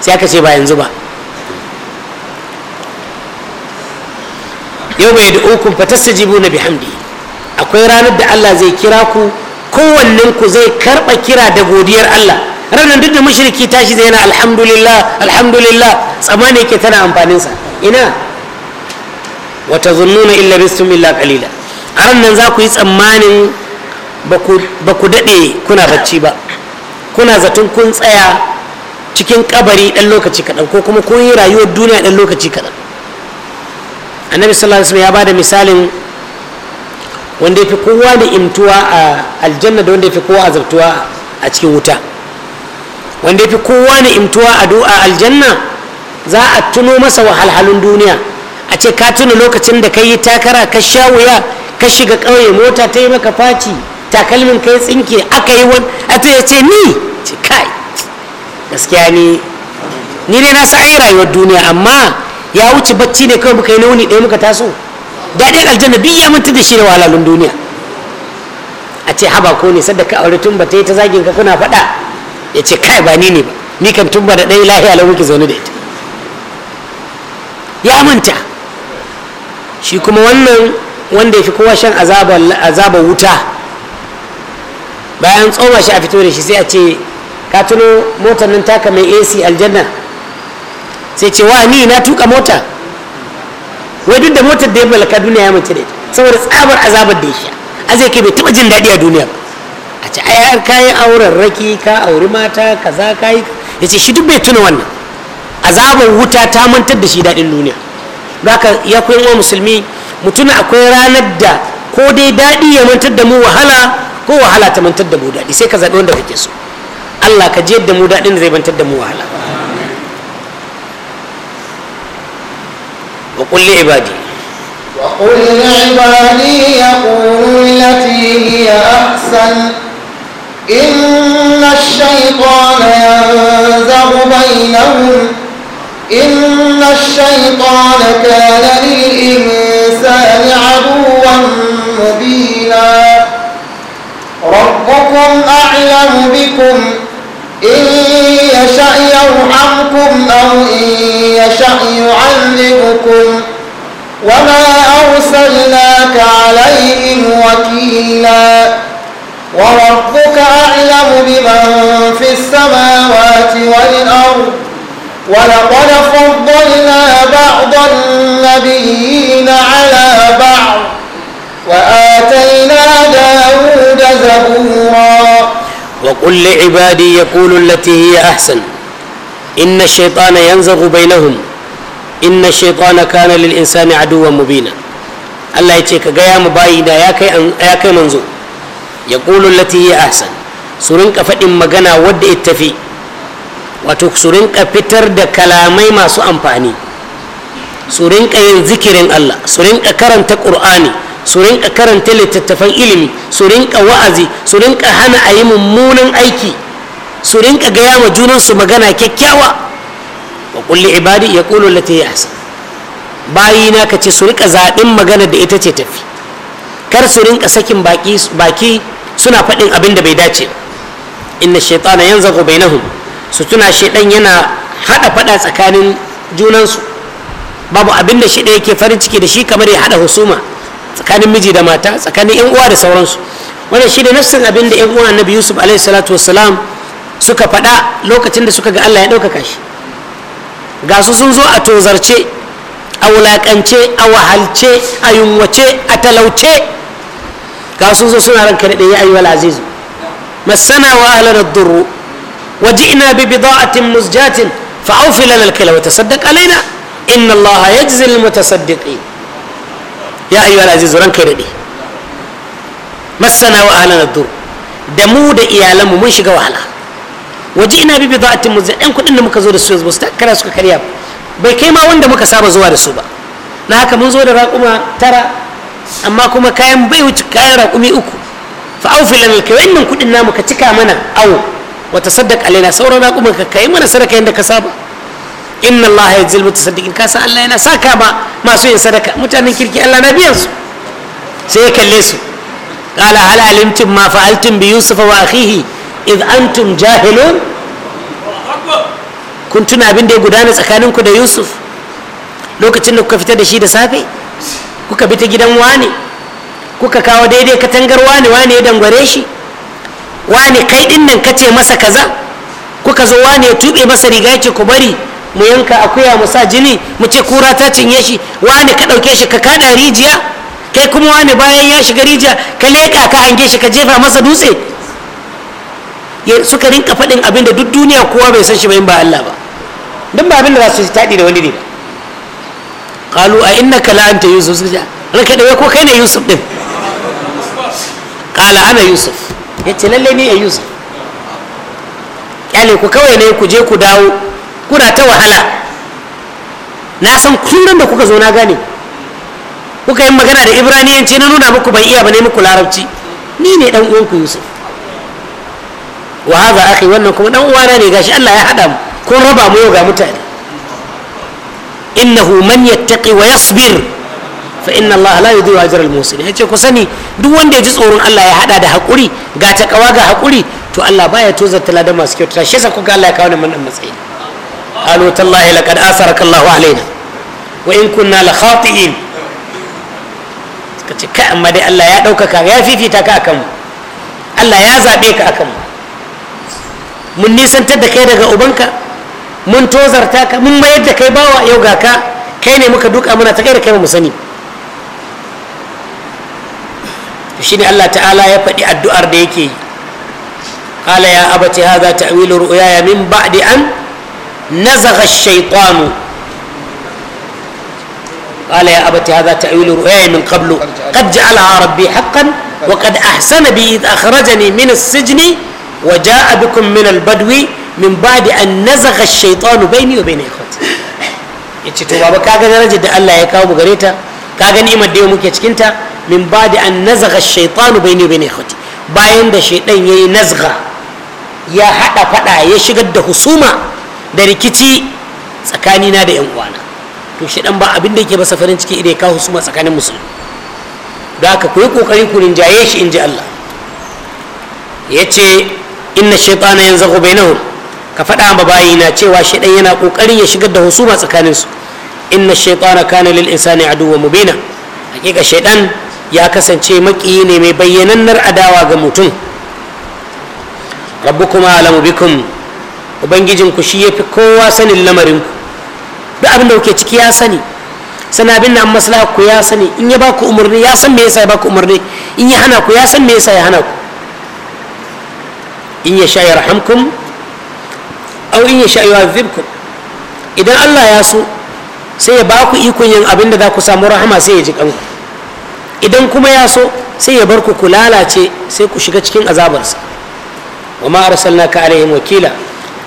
sai aka ce ba yanzu ba yau bai da ukun jibu na bihamdi akwai ranar da Allah zai kira ku kowannen ku zai karɓa kira da godiyar Allah ranar duk da ta tashi zai yana alhamdulillah alhamdulillah tsamani ke tana amfaninsa ina wata zunnuna illa bistum illa kalila a ranar za ku yi tsammanin ba ku daɗe kuna bacci ba kuna zaton kun tsaya cikin kabari ɗan lokaci kaɗan ko kuma kun yi rayuwar duniya ɗan lokaci kaɗan annabi sallallahu alaihi wasallam ya bada misalin wanda ya fi kowa da imtuwa a aljanna da wanda ya fi kowa azabtuwa a cikin wuta wanda yafi fi kowa na imtuwa a du'a aljanna za a tuno masa wahalhalun duniya a ce ka tuna lokacin da ka yi takara ka sha ka shiga ƙauye mota ta yi maka faci takalmin kai tsinke aka yi wani a ta ya ce ni ce kai gaskiya ni ni ne na sa'ayi rayuwar duniya amma ya wuce bacci ne kawai muka yi nauni ɗaya muka taso daɗin aljanna duk ya manta da shi da wahalhalun duniya a ce haba ko ne sadda ka aure tun ba ta yi ta zagin ka kuna faɗa ya ce kai ba ni ne ba ni kan tumba da ɗaya lahiya lau muke zaune da ita ya manta shi kuma wannan wanda ya fi kowa shan azabar wuta bayan tsoma shi a fito da shi sai a ce ka tuno motar nan taka mai ac aljanna sai ce wa ni na tuka mota wai duk da motar da ya balaka duniya ya mace da ita saboda tsabar azabar da ya sha zai kai bai taba jin daɗi a duniya ba a ce ai har kayan auren raki ka auri mata kaza kayi ya ce shi duk bai tuna wannan azabar wuta ta mantar da shi daɗin duniya ka ya koyi wa musulmi tuna akwai ranar da ko dai daɗi ya mantar da mu wahala ko wahala ta mantar da mu daɗi sai ka zaɓi wanda kake so allah ka je da mu daɗin da zai mantar da mu wahala wa kulli ibadi وقل لعبادي يقولوا التي هي أحسن إن الشيطان ينزغ بينهم إن الشيطان كان للإنسان عدوا مبينا ربكم أعلم بكم إن يشأ يرحمكم أو إن يشأ يعذبكم وما أرسلناك عليهم وكيلا وربك أعلم بمن في السماوات والأرض ولقد فضلنا بعض النبيين على بعض وآتينا داود زبورا وقل لعبادي يقول التي هي أحسن إن الشيطان ينزغ بينهم إن الشيطان كان للإنسان عدوا مبينا الله يتيك قيام بايدا يا كي منزو ya ƙulun lati ya ahsan su rinka faɗin magana wadda ita tafi wato su rinka fitar da kalamai masu amfani su rinka yin zikirin allah su rinka karanta ƙur'ani su rinka karanta littattafan ilimi su rinka wa'azi su rinka hana a yi mummunan aiki su rinka gaya ma junansu magana kyakkyawa wa kulli ibadi ya ƙulun ya ahsan bayina ka ce su rika zaɓin magana da ita ce tafi kar su rinka sakin baki suna faɗin abin da bai dace inna shaitana yanzu bai nahu su tuna shaitan yana haɗa faɗa tsakanin junansu babu abin da shi yake farin ciki da shi kamar ya haɗa husuma tsakanin miji da mata tsakanin yan uwa da sauransu wannan shi da nafsin abin da yan uwa annabi yusuf alaihi salatu wassalam suka faɗa lokacin da suka ga allah ya ɗaukaka shi ga su sun zo a tozarce a wulaƙance a wahalce a yunwace a talauce ga sun zo suna ranka da ɗaya ayyuhal azizu masana wa ahlana durru wa ji'na bi bida'atin musjatin fa awfi lana al-kila wa tasaddaq alaina inna allaha yajzi al-mutasaddiqin ya ayyuhal azizu ranka da ɗaya masana wa ahlana durru da mu da iyalanmu mun shiga wahala waje ina bi kuɗin da muka zo da su karya bai kai ma wanda muka saba zuwa da su ba na haka mun zo da raƙuma tara amma kuma kayan bai wuce kayan raƙumi uku fa aufi lana nan kuɗin namu ka cika mana au wata saddaka alaina sauran raƙumin ka kai mana sadaka yadda ka saba inna allaha yajzil ta ka san Allah yana sa ka ma masu yin sadaka mutanen kirki Allah na biyan su sai ya kalle su قال هل علمتم bi yusuf wa واخيه id antum jahilun kun tuna abin da ya gudana tsakaninku da yusuf lokacin da kuka fita da shi da safe kuka bi ta gidan wane kuka kawo daidai katangar wane wane ya dangware shi wane kai din nan ce masa kaza kuka zo wane ya tuɓe masa riga ce ku bari mu yanka akuya mu sa jini mu ce kura ta cinye shi wane ka ɗauke shi ka kaɗa rijiya kai kuma wane bayan ya shiga rijiya ka leƙa ka hange shi ka jefa masa dutse suka rinka faɗin abin da duk duniya kowa bai san shi ba in ba Allah ba don ba abin da za su taɗi da wani ne ba kalu a innaka la anta yusuf suka ce da dai ko kai ne yusuf din kala ana yusuf yace lalle ni a yusuf kyale ku kawai ne ku je ku dawo kuna ta wahala na san kullum da kuka zo na gane kuka yi magana da ibraniyanci na nuna muku ban iya ba ne muku larabci ni ne dan uwanku yusuf wa haza akhi wannan kuma dan uwana ne gashi Allah ya hada mu kun raba mu yau ga mutane innahu man yattaqi wa yasbir fa inna Allah la yudhi'u ajra al-muhsinin yace ku sani duk wanda ya ji tsoron Allah ya hada da hakuri ga takawa ga hakuri to Allah baya tozarta ladan masu kyautata shi Allah ya matsayi قالوا تالله لقد آثرك الله علينا وإن كنا لخاطئين kace ka amma dai Allah ya ɗaukaka ya fifita ka akan mu Allah ya zaɓe ka akan mu mun nisantar da kai daga ubanka mun tozarta ka mun mayar da kai bawa yau ga ka kai ne muka duka muna ta kai da kai mu sani shi ne allah ta'ala ya faɗi addu'ar da yake yi kala ya abati haza ta'wilu ru'yaya min ba'di an nazagha ash-shaytan qala ya abati hadha ta'wilu ru'yaya min qablu qad ja'alaha rabbi haqqan wa qad ahsana bi id akhrajani min as-sijni وجاء بكم من البدو min da an nazagha ash bai na wa bayna ikhwati yace to ka kaga darajar da Allah ya kawo mu gare ta kaga ni'imar da muke cikin ta ba da an nazagha ash bai bayni wa bayna ikhwati bayan da ya yayi nazgha ya haɗa faɗa ya shigar da husuma da rikici tsakanina da yan uwana to shaytan ba abin da yake masa farin ciki idan ya kawo husuma tsakanin musulmi da aka ku yi kokari ku rinjaye shi inji Allah yace inna shaytana yanzaghu bainahum ka faɗa ma na cewa shaidan yana ƙoƙarin ya shigar da husuma tsakanin su inna shaytana kana lil insani aduwwa mubina hakika shaidan ya kasance maƙiyi ne mai bayyanannar adawa ga mutum rabbukum alamu bikum ku shi yafi kowa sanin lamarin ku duk abin da kuke ciki ya sani sana abin da maslaha ku ya sani in ya baku umarni ya san me yasa ya baku umarni in ya hana ku ya san me yasa ya hana ku in ya sha yarhamkum aw in yasha yu'adhibkum idan Allah ya so sai ya ba ku ikon yin abin da za ku samu rahama sai ya ji kanku idan kuma ya so sai ya bar ku ku lalace sai ku shiga cikin azabarsa wa ma arsalnaka alaihim wakila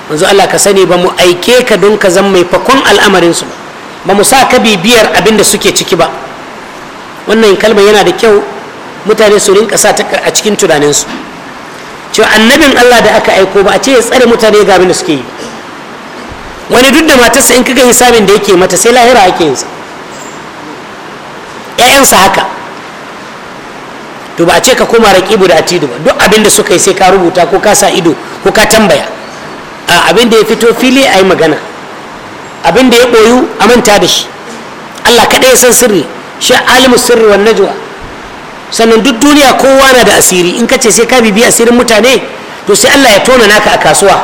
manzo Allah ka sani ba mu aike ka don ka zama mai fakon al'amarin su ba mu sa ka bibiyar abin da suke ciki ba wannan kalma yana da kyau mutane su rinka sa ta a cikin tunaninsu cewa annabin Allah da aka aiko ba a ce ya tsare mutane ga da suke yi wani duk da matarsa in kaga hisabin da yake mata sai lahira ake yin sa ƴaƴansa haka to ba a ce ka koma raƙibu da atidu ba duk abin da suka yi sai ka rubuta ko ka sa ido ko ka tambaya a abin da ya fito fili a yi magana abin da ya ɓoyu a manta da shi Allah kaɗai ya san sirri shi alimu sirri wannan najwa sannan duk duniya kowa na da asiri in ka ce sai ka bibi asirin mutane to sai Allah ya tona naka a kasuwa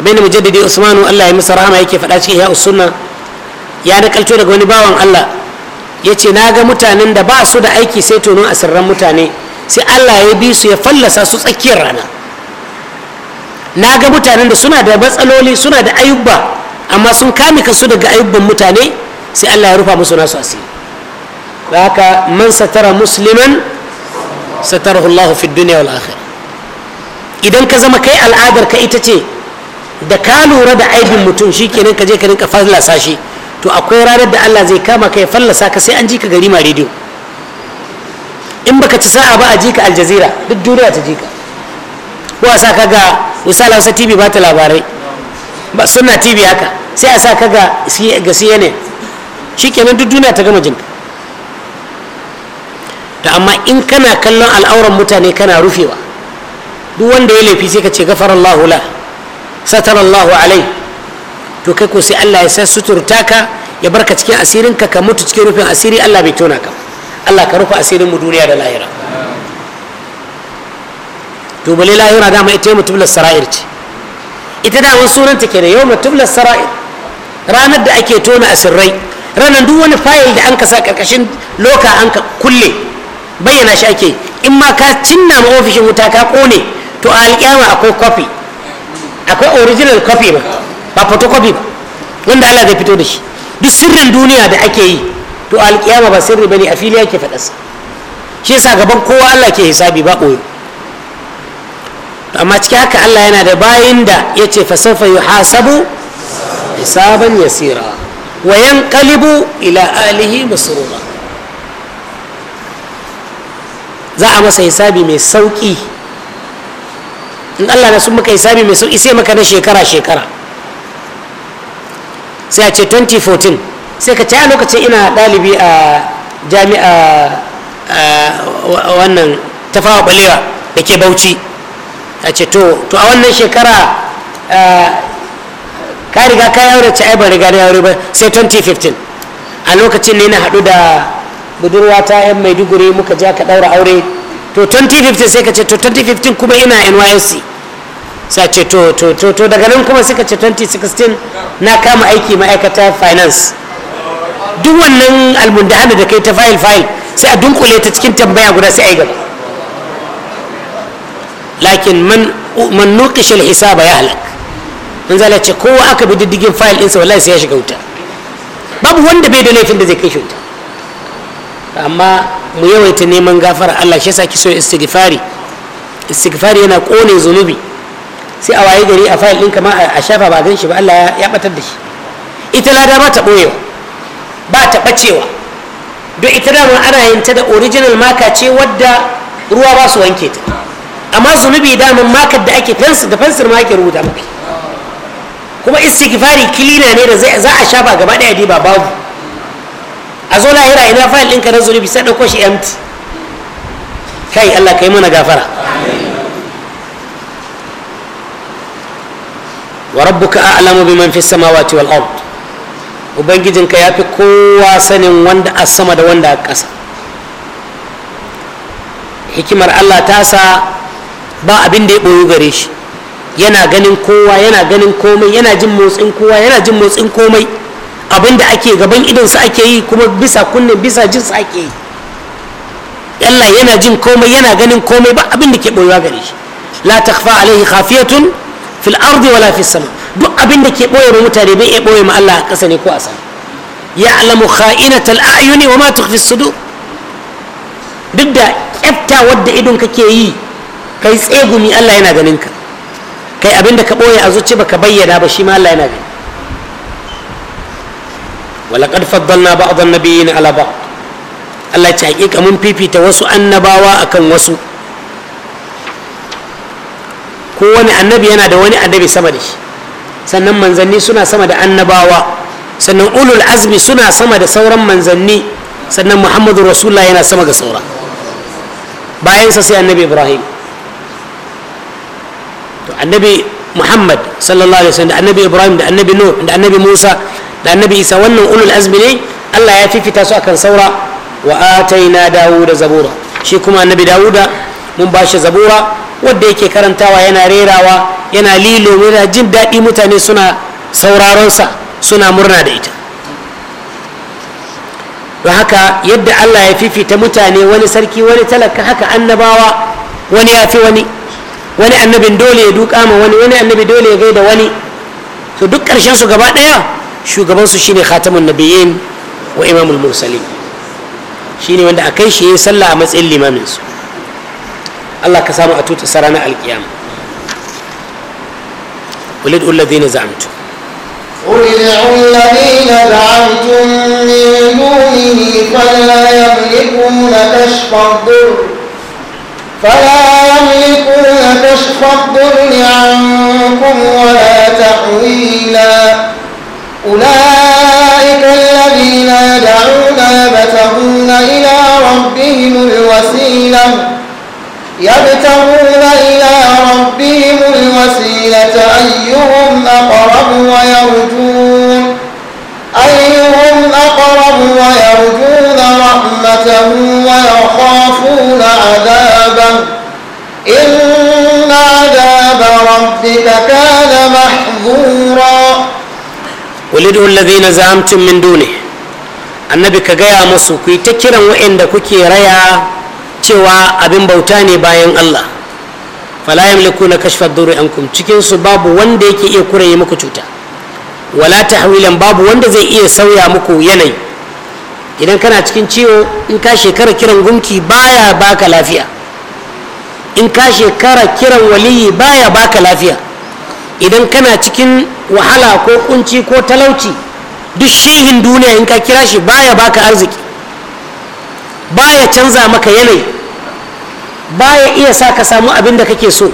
abin da mujaddidi usmanu Allah ya masa rahama yake faɗa cikin ya usunna ya nakalto daga wani bawan Allah ya ce na ga mutanen da ba su da aiki sai tonon asirran mutane sai Allah ya bi su ya fallasa su tsakiyar rana na ga mutanen da suna da matsaloli suna da ayubba amma sun kame kansu daga ayubban mutane sai Allah ya rufa musu nasu asiri da haka man satara musliman satarahu Allah fi duniya wal akhir idan ka zama kai al'adar ka ita ce da ka lura da aibin mutum shikenan ka je ka rinka fallasa shi to akwai ranar da Allah zai kama ka ya fallasa ka sai an ji ka gari ma rediyo in baka ci sa'a ba a ji ka aljazira duk duniya ta ji ka ko a sa ka ga misali hausa tv ba ta labarai ba suna tv haka sai a sa ka ga cnn shikenan duk duniya ta gama jinka to amma in kana kallon al'auran mutane kana rufewa duk wanda ya laifi sai ka ce gafar Allahu la satar Allahu alai to kai ko sai Allah ya sa suturta ka ya barka cikin asirin ka ka mutu cikin rufin asiri Allah bai tona ka Allah ka rufe asirin mu duniya da lahira to bale lahira dama ita yau tubla sara'ir ce ita da wani sunanta ke da yau tubla sara'ir ranar da ake tona asirrai ranar duk wani fayil da an ka sa karkashin loka an ka kulle bayyana shi ake in ma ka cinna ma ofishin wuta ka kone to a alƙiyama akwai kwafi akwai original kwafi ba ba photocopy ba wanda Allah zai fito da shi duk sirrin duniya da ake yi to a alƙiyama ba sirri ne a fili yake faɗarsa shi yasa gaban kowa Allah ke hisabi ba ɓoye amma cikin haka Allah yana da bayin da ya ce fasafa hasabu hisaban yasira wa yanqalibu ila alihi masrura za a masa hisabi mai sauƙi in allah na sun maka hisabi mai sauƙi sai maka na shekara-shekara sai a ce 2014 sai ka ce a lokacin ina dalibi a jami'a wannan tafawa balewa da ke bauchi a ce to a wannan shekara ka riga ka yaure da ci aibar riga na yaure ba sai 2015 a lokacin ne na haɗu da budurwata ta yan maiduguri muka ja ka daura aure to 2015 sai ka ce to 2015 kuma ina nysc sai ce to to to to daga nan kuma sai ka ce 2016 na kama aiki ma'aikata finance duk wannan almundahana da kai ta file file sai a dunkule ta cikin tambaya guda sai a yi gaba lakin man man nuqisha ya yahlak man zala ce kowa aka bi diddigin file ɗinsa wallahi sai ya shiga wuta babu wanda bai da laifin da zai kai shi wuta amma mu yawaita neman gafara Allah shi yasa kiso istighfari istighfari yana kone zunubi sai a waye gari a fayil din kama a shafa ba gan shi ba Allah ya batar da shi ita lada ba ta ɓoyewa ba ta ɓacewa don ita dama ana yin ta da original maka ce wadda ruwa ba su wanke ta amma zunubi daman makar da ake fensir da fensir ma ake rubuta maka kuma istighfari kilina ne da za a shafa gaba ɗaya dai ba babu a zo lahira ina fayil ɗinka na zuri sai ɗauko shi empty kai Allah kai mana gafara wa rabbuka a'lamu biman fi samawati wal ard ubangijinka yafi kowa sanin wanda a sama da wanda a ƙasa hikimar Allah ta sa ba abin da ya ɓoyi gare shi yana ganin kowa yana ganin komai yana jin motsin kowa yana jin motsin komai abin da ake gaban idansu ake yi kuma bisa kunnen bisa su ake yi yalla yana jin komai yana ganin komai ba abin da ke boyewa gare shi la takfa alaihi khafiyatun fil ardi wala fis sama duk abin da ke boye mutane bai iya boye ma Allah a ƙasa ne ko a sama ya'lamu kha'inatal a'yuni wa ma tukhfi sudu duk da kyafta wadda idon kake yi kai tsegumi Allah yana ganin ka kai abin da ka boye a zuci baka bayyana ba shi ma Allah yana gani walaƙar faddalna ba'adhan nabiyyin ala ba'd Allah ce hakika mun fifita wasu annabawa akan wasu kowane annabi yana da wani annabi sama da shi sannan manzanni suna sama da annabawa sannan ulul azmi suna sama da sauran manzanni sannan muhammadu rasulullah yana sama ga saura bayansa sai annabi ibrahim to annabi muhammad sallallahu alaihi wasallam da annabi ibrahim da annabi musa da annabi isa wannan ulul azmi ne Allah ya fifita su akan saura wa ataina dawuda zabura shi kuma annabi dawuda mun bashi zabura wanda yake karantawa yana rerawa yana lilo yana jin daɗi mutane suna sauraronsa suna murna da ita don haka yadda allah ya fifita mutane wani sarki wani talaka haka annabawa wani ya fi wani wani annabin dole ya duka ma wani wani annabi dole ya gaida wani to duk ƙarshen su gaba ɗaya شو سو شيني خاتم النبيين وامام المرسلين شيني وندا اكاي شي صلى ا ما الامامين سو الله كسامو اتوت سرانا القيامه ولد الذين زعمت قل الذين زعمتم من دونه فلا يملكون كشف الضر فلا يملكون كشف الضر عنكم ولا تحويلا أولئك الذين يدعون يبتغون إلى ربهم الوسيلة يبتغون إلى ربهم الوسيلة أيهم أقرب ويرجون أيهم أقرب ويرجون رحمته ويخافون عذابه إن عذاب ربك كان محظوراً ulidu allazina zamtum min duni annabi ka gaya musu ku yi ta kiran waɗanda kuke raya cewa abin bauta ne bayan Allah fala na kashfa duru ankum cikin su babu wanda yake iya kuraye muku cuta wala tahwilan babu wanda zai iya sauya muku yanayi idan kana cikin ciwo in ka shekara kiran gunki baya baka lafiya in ka shekara kiran waliyi baya baka lafiya idan kana cikin wahala ko kunci ko talauci duk shehin duniya in ka kira shi baya baka arziki baya canza maka yanayi baya iya sa ka samu abin da kake so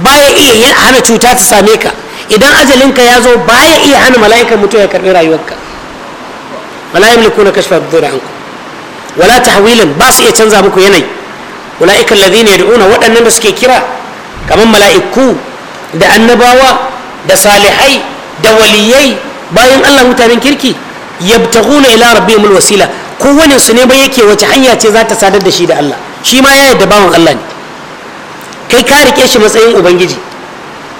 baya iya hana cuta ta same ka idan ajalinka ya zo baya iya hana mala'ikan mutum ya karbi rayuwarka wala na kashfa dora ankum wala tahwilan ba su iya canza muku yanayi ula'ikan ladina yad'una waɗannan da suke kira kamar mala'iku da annabawa da salihai da waliyai bayan allah mutanen kirki yabtaghuna ila rabbihimul wasila kowane su ne ba yake wace hanya ce za ta sadar da shi da allah shi ma ya yadda bawan allah ne kai ka rike shi matsayin ubangiji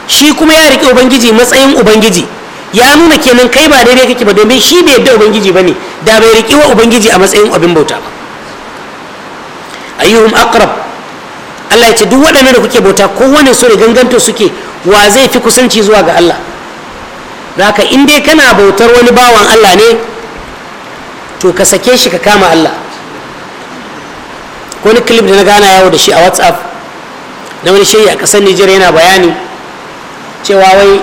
shi kuma ya rike ubangiji matsayin ubangiji ya nuna kenan kai ba daidai kake ba domin shi bai yadda ubangiji ba ne da bai rike wa ubangiji a matsayin abin bauta ba ayyuhum aqrab Allah ya ce duk waɗannan da kuke bauta kowane su da ganganto suke wa zai fi kusanci zuwa ga Allah haka in dai kana bautar wani bawan Allah ne to ka sake shi ka kama Allah ko ni clip da na gana yawo da shi a whatsapp da wani shayi a ƙasar Nijar yana bayani cewa wai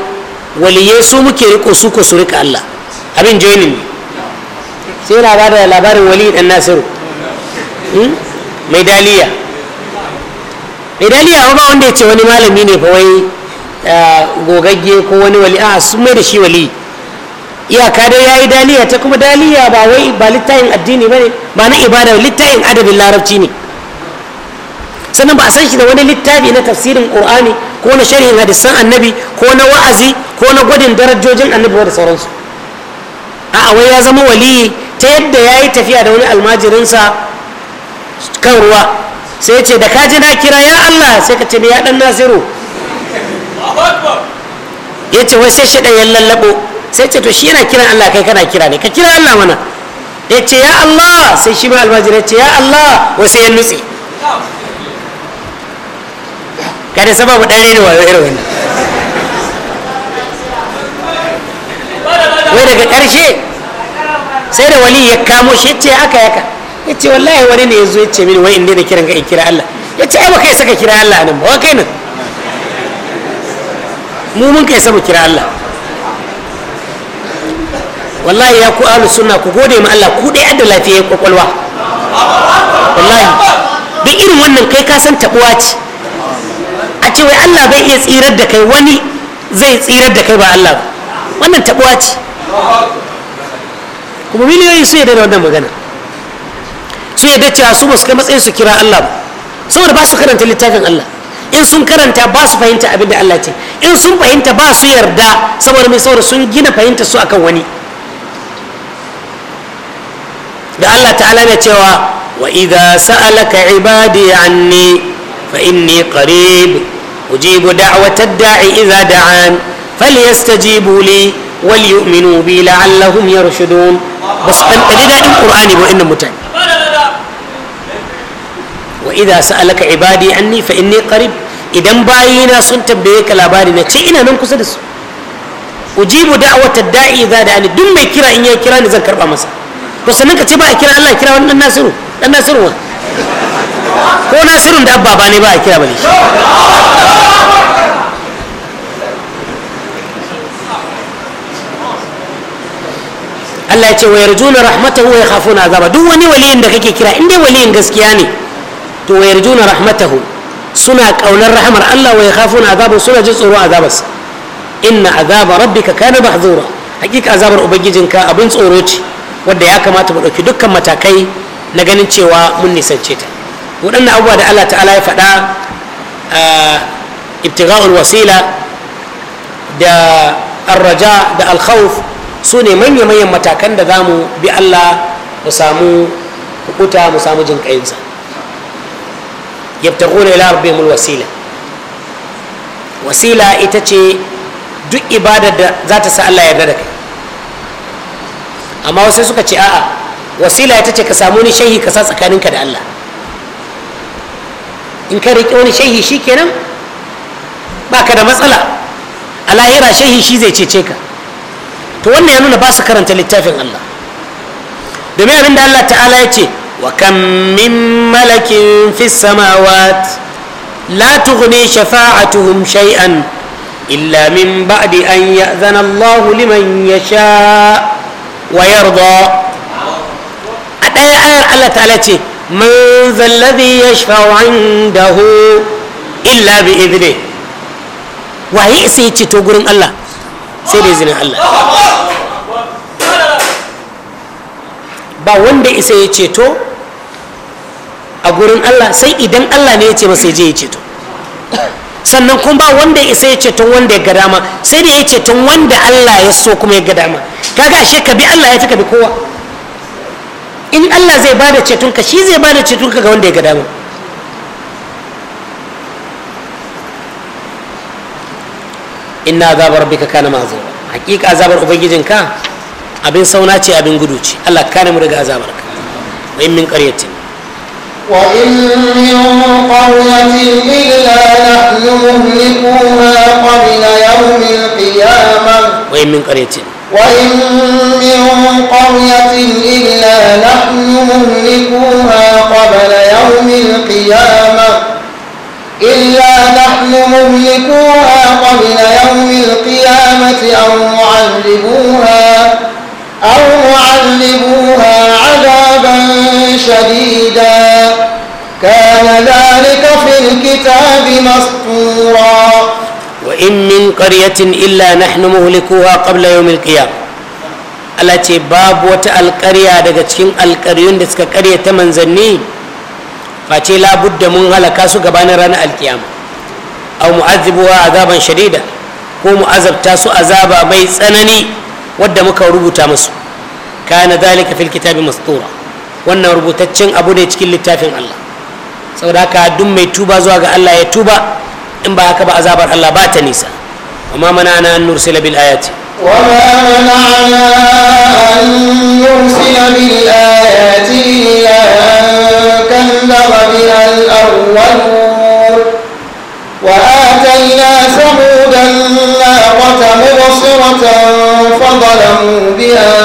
waliye su muke riko su ko su rika Allah abin joining ne sai yana ba da labarin wali dan nasiru hmm? mai daliya mai daliya ba wanda ya ce wani malami ne fa wai gogagge ko wani wali a sun mai da shi wali iyaka dai ya yi daliya ta kuma daliya ba wai ba littayin addini ba ne ba na ibada littayin adabin larabci ne sannan ba a san shi da wani littafi na tafsirin qur'ani ko na sharhin hadisan annabi ko na wa'azi ko na gwadin darajojin annabi da sauransu a'a wai ya zama wali ta yadda ya yi tafiya da wani almajirinsa kan ruwa sai ya ce da kaji na kira ya allah sai ka ce ya dan nasiru ya ce wai sai shi ya lallabo sai ce to shi yana kiran Allah kai kana kira ne ka kira Allah mana ya ce ya Allah sai shi ma almajir ya ce ya Allah wai sai ya nutse kada sababu dan rene wayo irin wani wai daga karshe sai da wali ya kamo shi ya ce aka yaka ya ce wallahi wani ne ya zo ya ce mini wai inda na kiran ka in kira Allah ya ce ai ba kai saka kira Allah nan ba wa kai nan mu mun kai sabu kira Allah wallahi ya ku ahlu sunna ku gode ma Allah ku dai adda lafiyar kwakwalwa wallahi duk irin wannan kai ka san tabuwa ce a ce wai Allah bai iya tsirar da kai wani zai tsirar da kai ba Allah ba wannan tabuwa ce kuma miliyoyi su yadda da wannan magana su yadda cewa su ba su kai matsayin su kira Allah ba saboda ba su karanta littafin Allah in sun karanta ba su fahimta abin da Allah ce in sun fahimta ba su yarda saboda mai saboda sun gina fahimta su akan wani da Allah ta'ala ne cewa wa idza sa'alaka ibadi anni fa inni qarib ujibu da'wata da'i idza da'an falyastajibu li wal yu'minu bi la'allahum yarshudun basu dan dadin qur'ani ba inna mutane wa idza sa'alaka ibadi anni fa inni qarib idan bayina sun tambaye ka labari na ce ina nan kusa da su ujibu da'wata da'i idza da'ani duk mai kira in ya kira ni zan karba masa to ce ba a kira Allah kira nasiru nasiru wa ko nasirun da abba ba ne ba a kira bane Allah ya ce wa yarjuna rahmatahu wa yakhafuna azaba duk wani waliyin da kake kira in dai waliyin gaskiya ne to wa yarjuna rahmatahu suna kaunar rahmar Allah wa yakhafuna azabu suna jin tsoro azabas inna azaba rabbika kana mahzura hakika azabar ubangijinka abin tsoro ce wanda ya kamata mu dauki dukkan matakai na ganin cewa mun nisance ta waɗannan abubuwa da Allah ta'ala ya faɗa ibtigha'ul wasila da arraja da alkhawf su ne manya-manyan matakan da za mu bi Allah mu samu hukuta mu samu jin ƙayinsa yabtaguna ila rabbihim wasila wasila ita ce duk ibadar da za ta sa Allah yarda da kai amma wasu suka ce a'a wasila ita ce ka samu ni shehi ka sa tsakaninka da Allah in ka riƙe wani shehi shi kenan baka da matsala a lahira shehi shi zai cece ka to wannan ya nuna ba su karanta littafin Allah domin abin da Allah ta'ala ya ce وكم من ملك في السماوات لا تغني شفاعتهم شيئا إلا من بعد أن يأذن الله لمن يشاء ويرضى أدعي آية الله تعالى من ذا الذي يشفع عنده إلا بإذنه وهي سيتي تقولون الله سيدي إذن الله ba wanda isa ya ceto a gurin Allah sai idan Allah ne ya ce masa je ya ceto sannan kun ba wanda ya ya ceton wanda ya gada ma sai da ya ceton wanda Allah ya so kuma ya gada ma kaga ashe ka bi Allah ya ta ka bi kowa in Allah zai bada ceton ka shi zai bada ceton ka ga wanda ya gada ma inna azabar rabbika kana ma'zura hakika azabar ubangijinka abin sauna ce abin gudu ce Allah kana mu daga azabarka wa in min qaryatin وإن من قرية إلا نحن مهلكوها قبل يوم القيامة وإن من قرية وإن من قرية إلا نحن مهلكوها قبل يوم القيامة إلا نحن مهلكوها قبل يوم القيامة أو معذبوها أو معذبوها عذابا شديدا كان ذلك في الكتاب مسطورا وإن من قرية إلا نحن مهلكوها قبل يوم القيامة Allah ce babu wata alƙarya daga cikin alƙaryun da suka karya ta manzanni face labudda mun halaka su na ranar alkiyama au mu'azzibuha azaban shadida ko mu su azaba mai tsanani wadda muka rubuta musu na zalika fil kitabi mastura wannan rubutaccen abu ne cikin littafin Allah saboda haka duk mai tuba zuwa ga Allah ya tuba in ba haka ba azabar Allah ba ta nisa amma mana وما منعنا bil ayati بالآيات وما منعنا أن نرسل بالآيات إلا أن كذب bil awwal وآتينا ثمود الناقة مبصرة فظلموا بها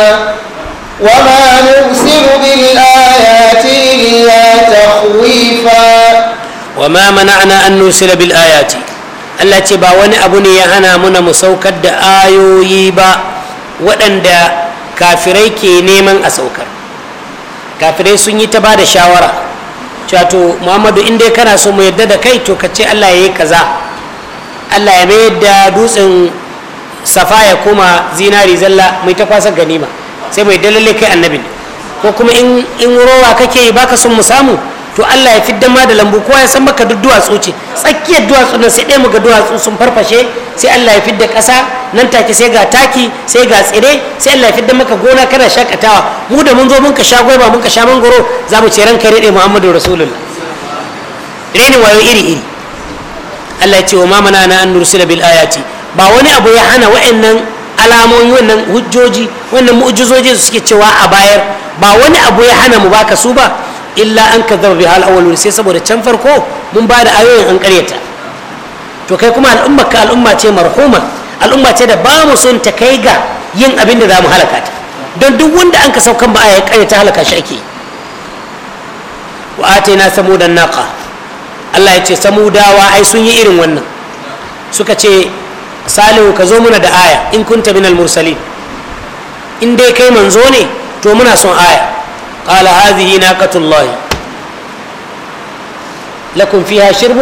وما نرسل بالآيات قريبا ana منعنا أن نرسل بالآيات Allah ce ba wani abu ne ya hana muna mu saukar da ayoyi ba waɗanda kafirai ke neman a saukar kafirai sun yi ta ba da shawara wato muhammadu in dai kana so mu yadda da kai to ka ce allah ya yi kaza allah ya mayar da dutsen safa ya koma zinari zalla mai ta kwasa ganima sai mai dalale kai annabi ko kuma in rowa kake yi baka son mu samu to Allah ya fidda ma da lambu kowa ya san maka duk duwatsu ce tsakiyar duwatsu nan sai ɗaya muga duwatsu sun farfashe sai Allah ya fidda ƙasa nan take sai ga taki sai ga tsire sai Allah ya fidda maka gona kana shakatawa mu da mun zo mun ka sha gwaiba mun ka sha mangoro za mu ce ranka rede Muhammadu Rasulullah reni wayo iri iri Allah ya ce wa mamana na an nursila bil ayati ba wani abu ya hana wa'annan alamomi wannan hujjoji wannan mu'jizoji suke cewa a bayar ba wani abu ya hana mu baka su ba illa an kadzaba biha al-awwalun sai saboda can farko mun ba da ayoyin an karyata to kai kuma al'ummar ka al'umma ce marhuma al'umma ce da ba mu son ta kai ga yin abin da za mu halaka ta don duk wanda an ka saukan ba a ya karyata halaka shi ake wa atayna samudan naqa Allah ya ce samudawa ai sun yi irin wannan suka ce salihu ka zo muna da aya in kunta minal mursalin in dai kai manzo ne to muna son aya قال هذه ناقة الله لكم فيها شرب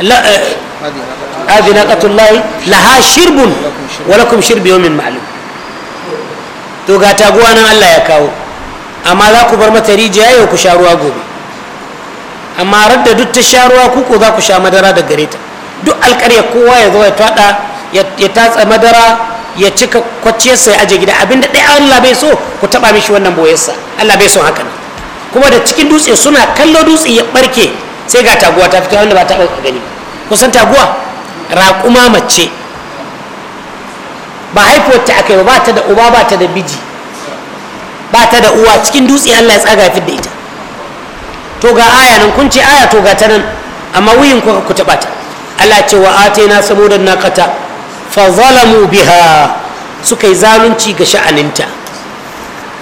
لا هذه ناقة الله لها شرب ولكم شرب يوم معلوم to ga taguwa nan Allah ya kawo amma za ku bar mata rijiya yau ku sha ruwa gobe amma radda duk ta sha ruwa ku ko za ku sha madara da gare ta duk alƙarya kowa ya zo ya tada ya tatsa madara ya cika kwaciyarsa ya aje gida abinda ɗaya Allah bai so ku taɓa mishi wannan boyarsa Allah bai so haka ne kuma da cikin dutse suna kallo dutse ya barke sai ga taguwa ta fito wanda ba ta taɓa gani kusan taguwa raƙuma mace ba haifuwar ta aka yi ba ta da uba ba ta da biji ba ta da uwa cikin dutse Allah ya tsaga fi da ita to ga aya nan kun ce aya to ga ta nan amma wuyin ku ku taɓa ta Allah ce wa atina saboda naqata fa zalamu biha suka yi zalunci ga sha'aninta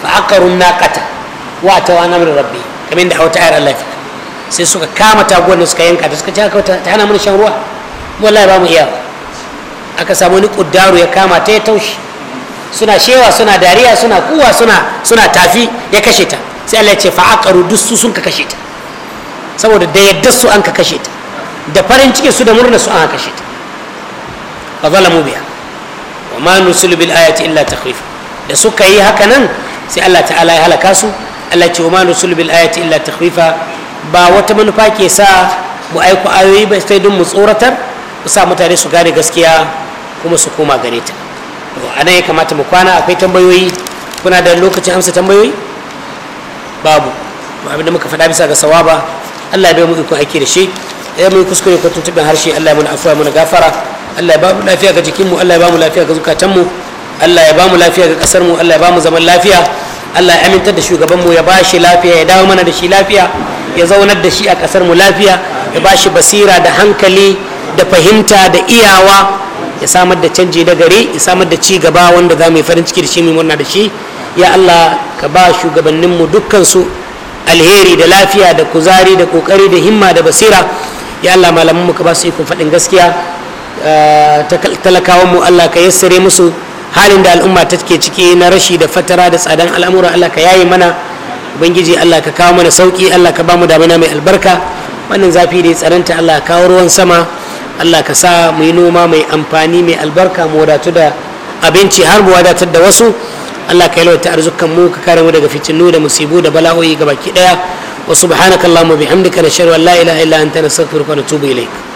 fa aqarun naqata wa tawa namr rabbi kamar da wata ayar Allah sai suka kama taguwar da suka yanka da suka ci aka ta yana mana shan ruwa wallahi ba mu iya aka samu wani kuddaro ya kama ta ya taushi suna shewa suna dariya suna kuwa suna suna tafi ya kashe ta sai Allah ya ce fa aqaru dussu sun ka kashe ta saboda da yadda su an ka kashe ta da farin ciki su da murna su an ka kashe ta fa wa ma nusilu bil ayati illa da suka yi haka nan sai Allah ta'ala ya halaka su Allah ce wa ma nusilu bil ayati illa takhwifa ba wata manufa ke sa mu aiko ayoyi ba sai don mu tsoratar mu sa mutane su gane gaskiya kuma su koma gare ta to anan ya kamata mu kwana akwai tambayoyi kuna da lokacin amsa tambayoyi babu abinda muka faɗa bisa ga sawaba Allah ya bai mu iko aiki da shi ya mu kuskure ko tuntuɓin harshe Allah ya mun afuwa mana gafara Allah ya ba mu lafiya ga jikinmu Allah ya ba mu lafiya ga zukatanmu Allah ya ba mu lafiya ga kasarmu Allah ya ba mu zaman lafiya Allah ya amintar da shugabanmu ya ba shi lafiya ya dawo mana da shi lafiya ya zaunar da shi a mu lafiya ya ba shi basira da hankali da fahimta da iyawa ya samar da canji da gari ya samar da ci gaba wanda za mu yi farin ciki da shi mu murna da shi ya Allah ka ba shugabanninmu dukkansu alheri da lafiya da kuzari da kokari da himma da basira ya Allah malamanmu ka ba su ikon faɗin gaskiya Eh, talakawan mu Allah ka yassare musu halin da al'umma ta ke ciki na rashi da fatara da tsadan al'amura Allah ka yaye mana bangiji Allah ka kawo mana sauki Allah ka bamu damina mai albarka wannan zafi da ya tsananta Allah kawo ruwan sama Allah ka sa mu yi noma mai amfani mai albarka mu wadatu da abinci har mu wadatar da wasu Allah ka yalwata arzukan mu ka kare mu daga fitinu da musibu da bala'o'i gabaki daya wa subhanakallahumma bihamdika nashhadu an la ilaha illa anta nastaghfiruka wa natubu ilayk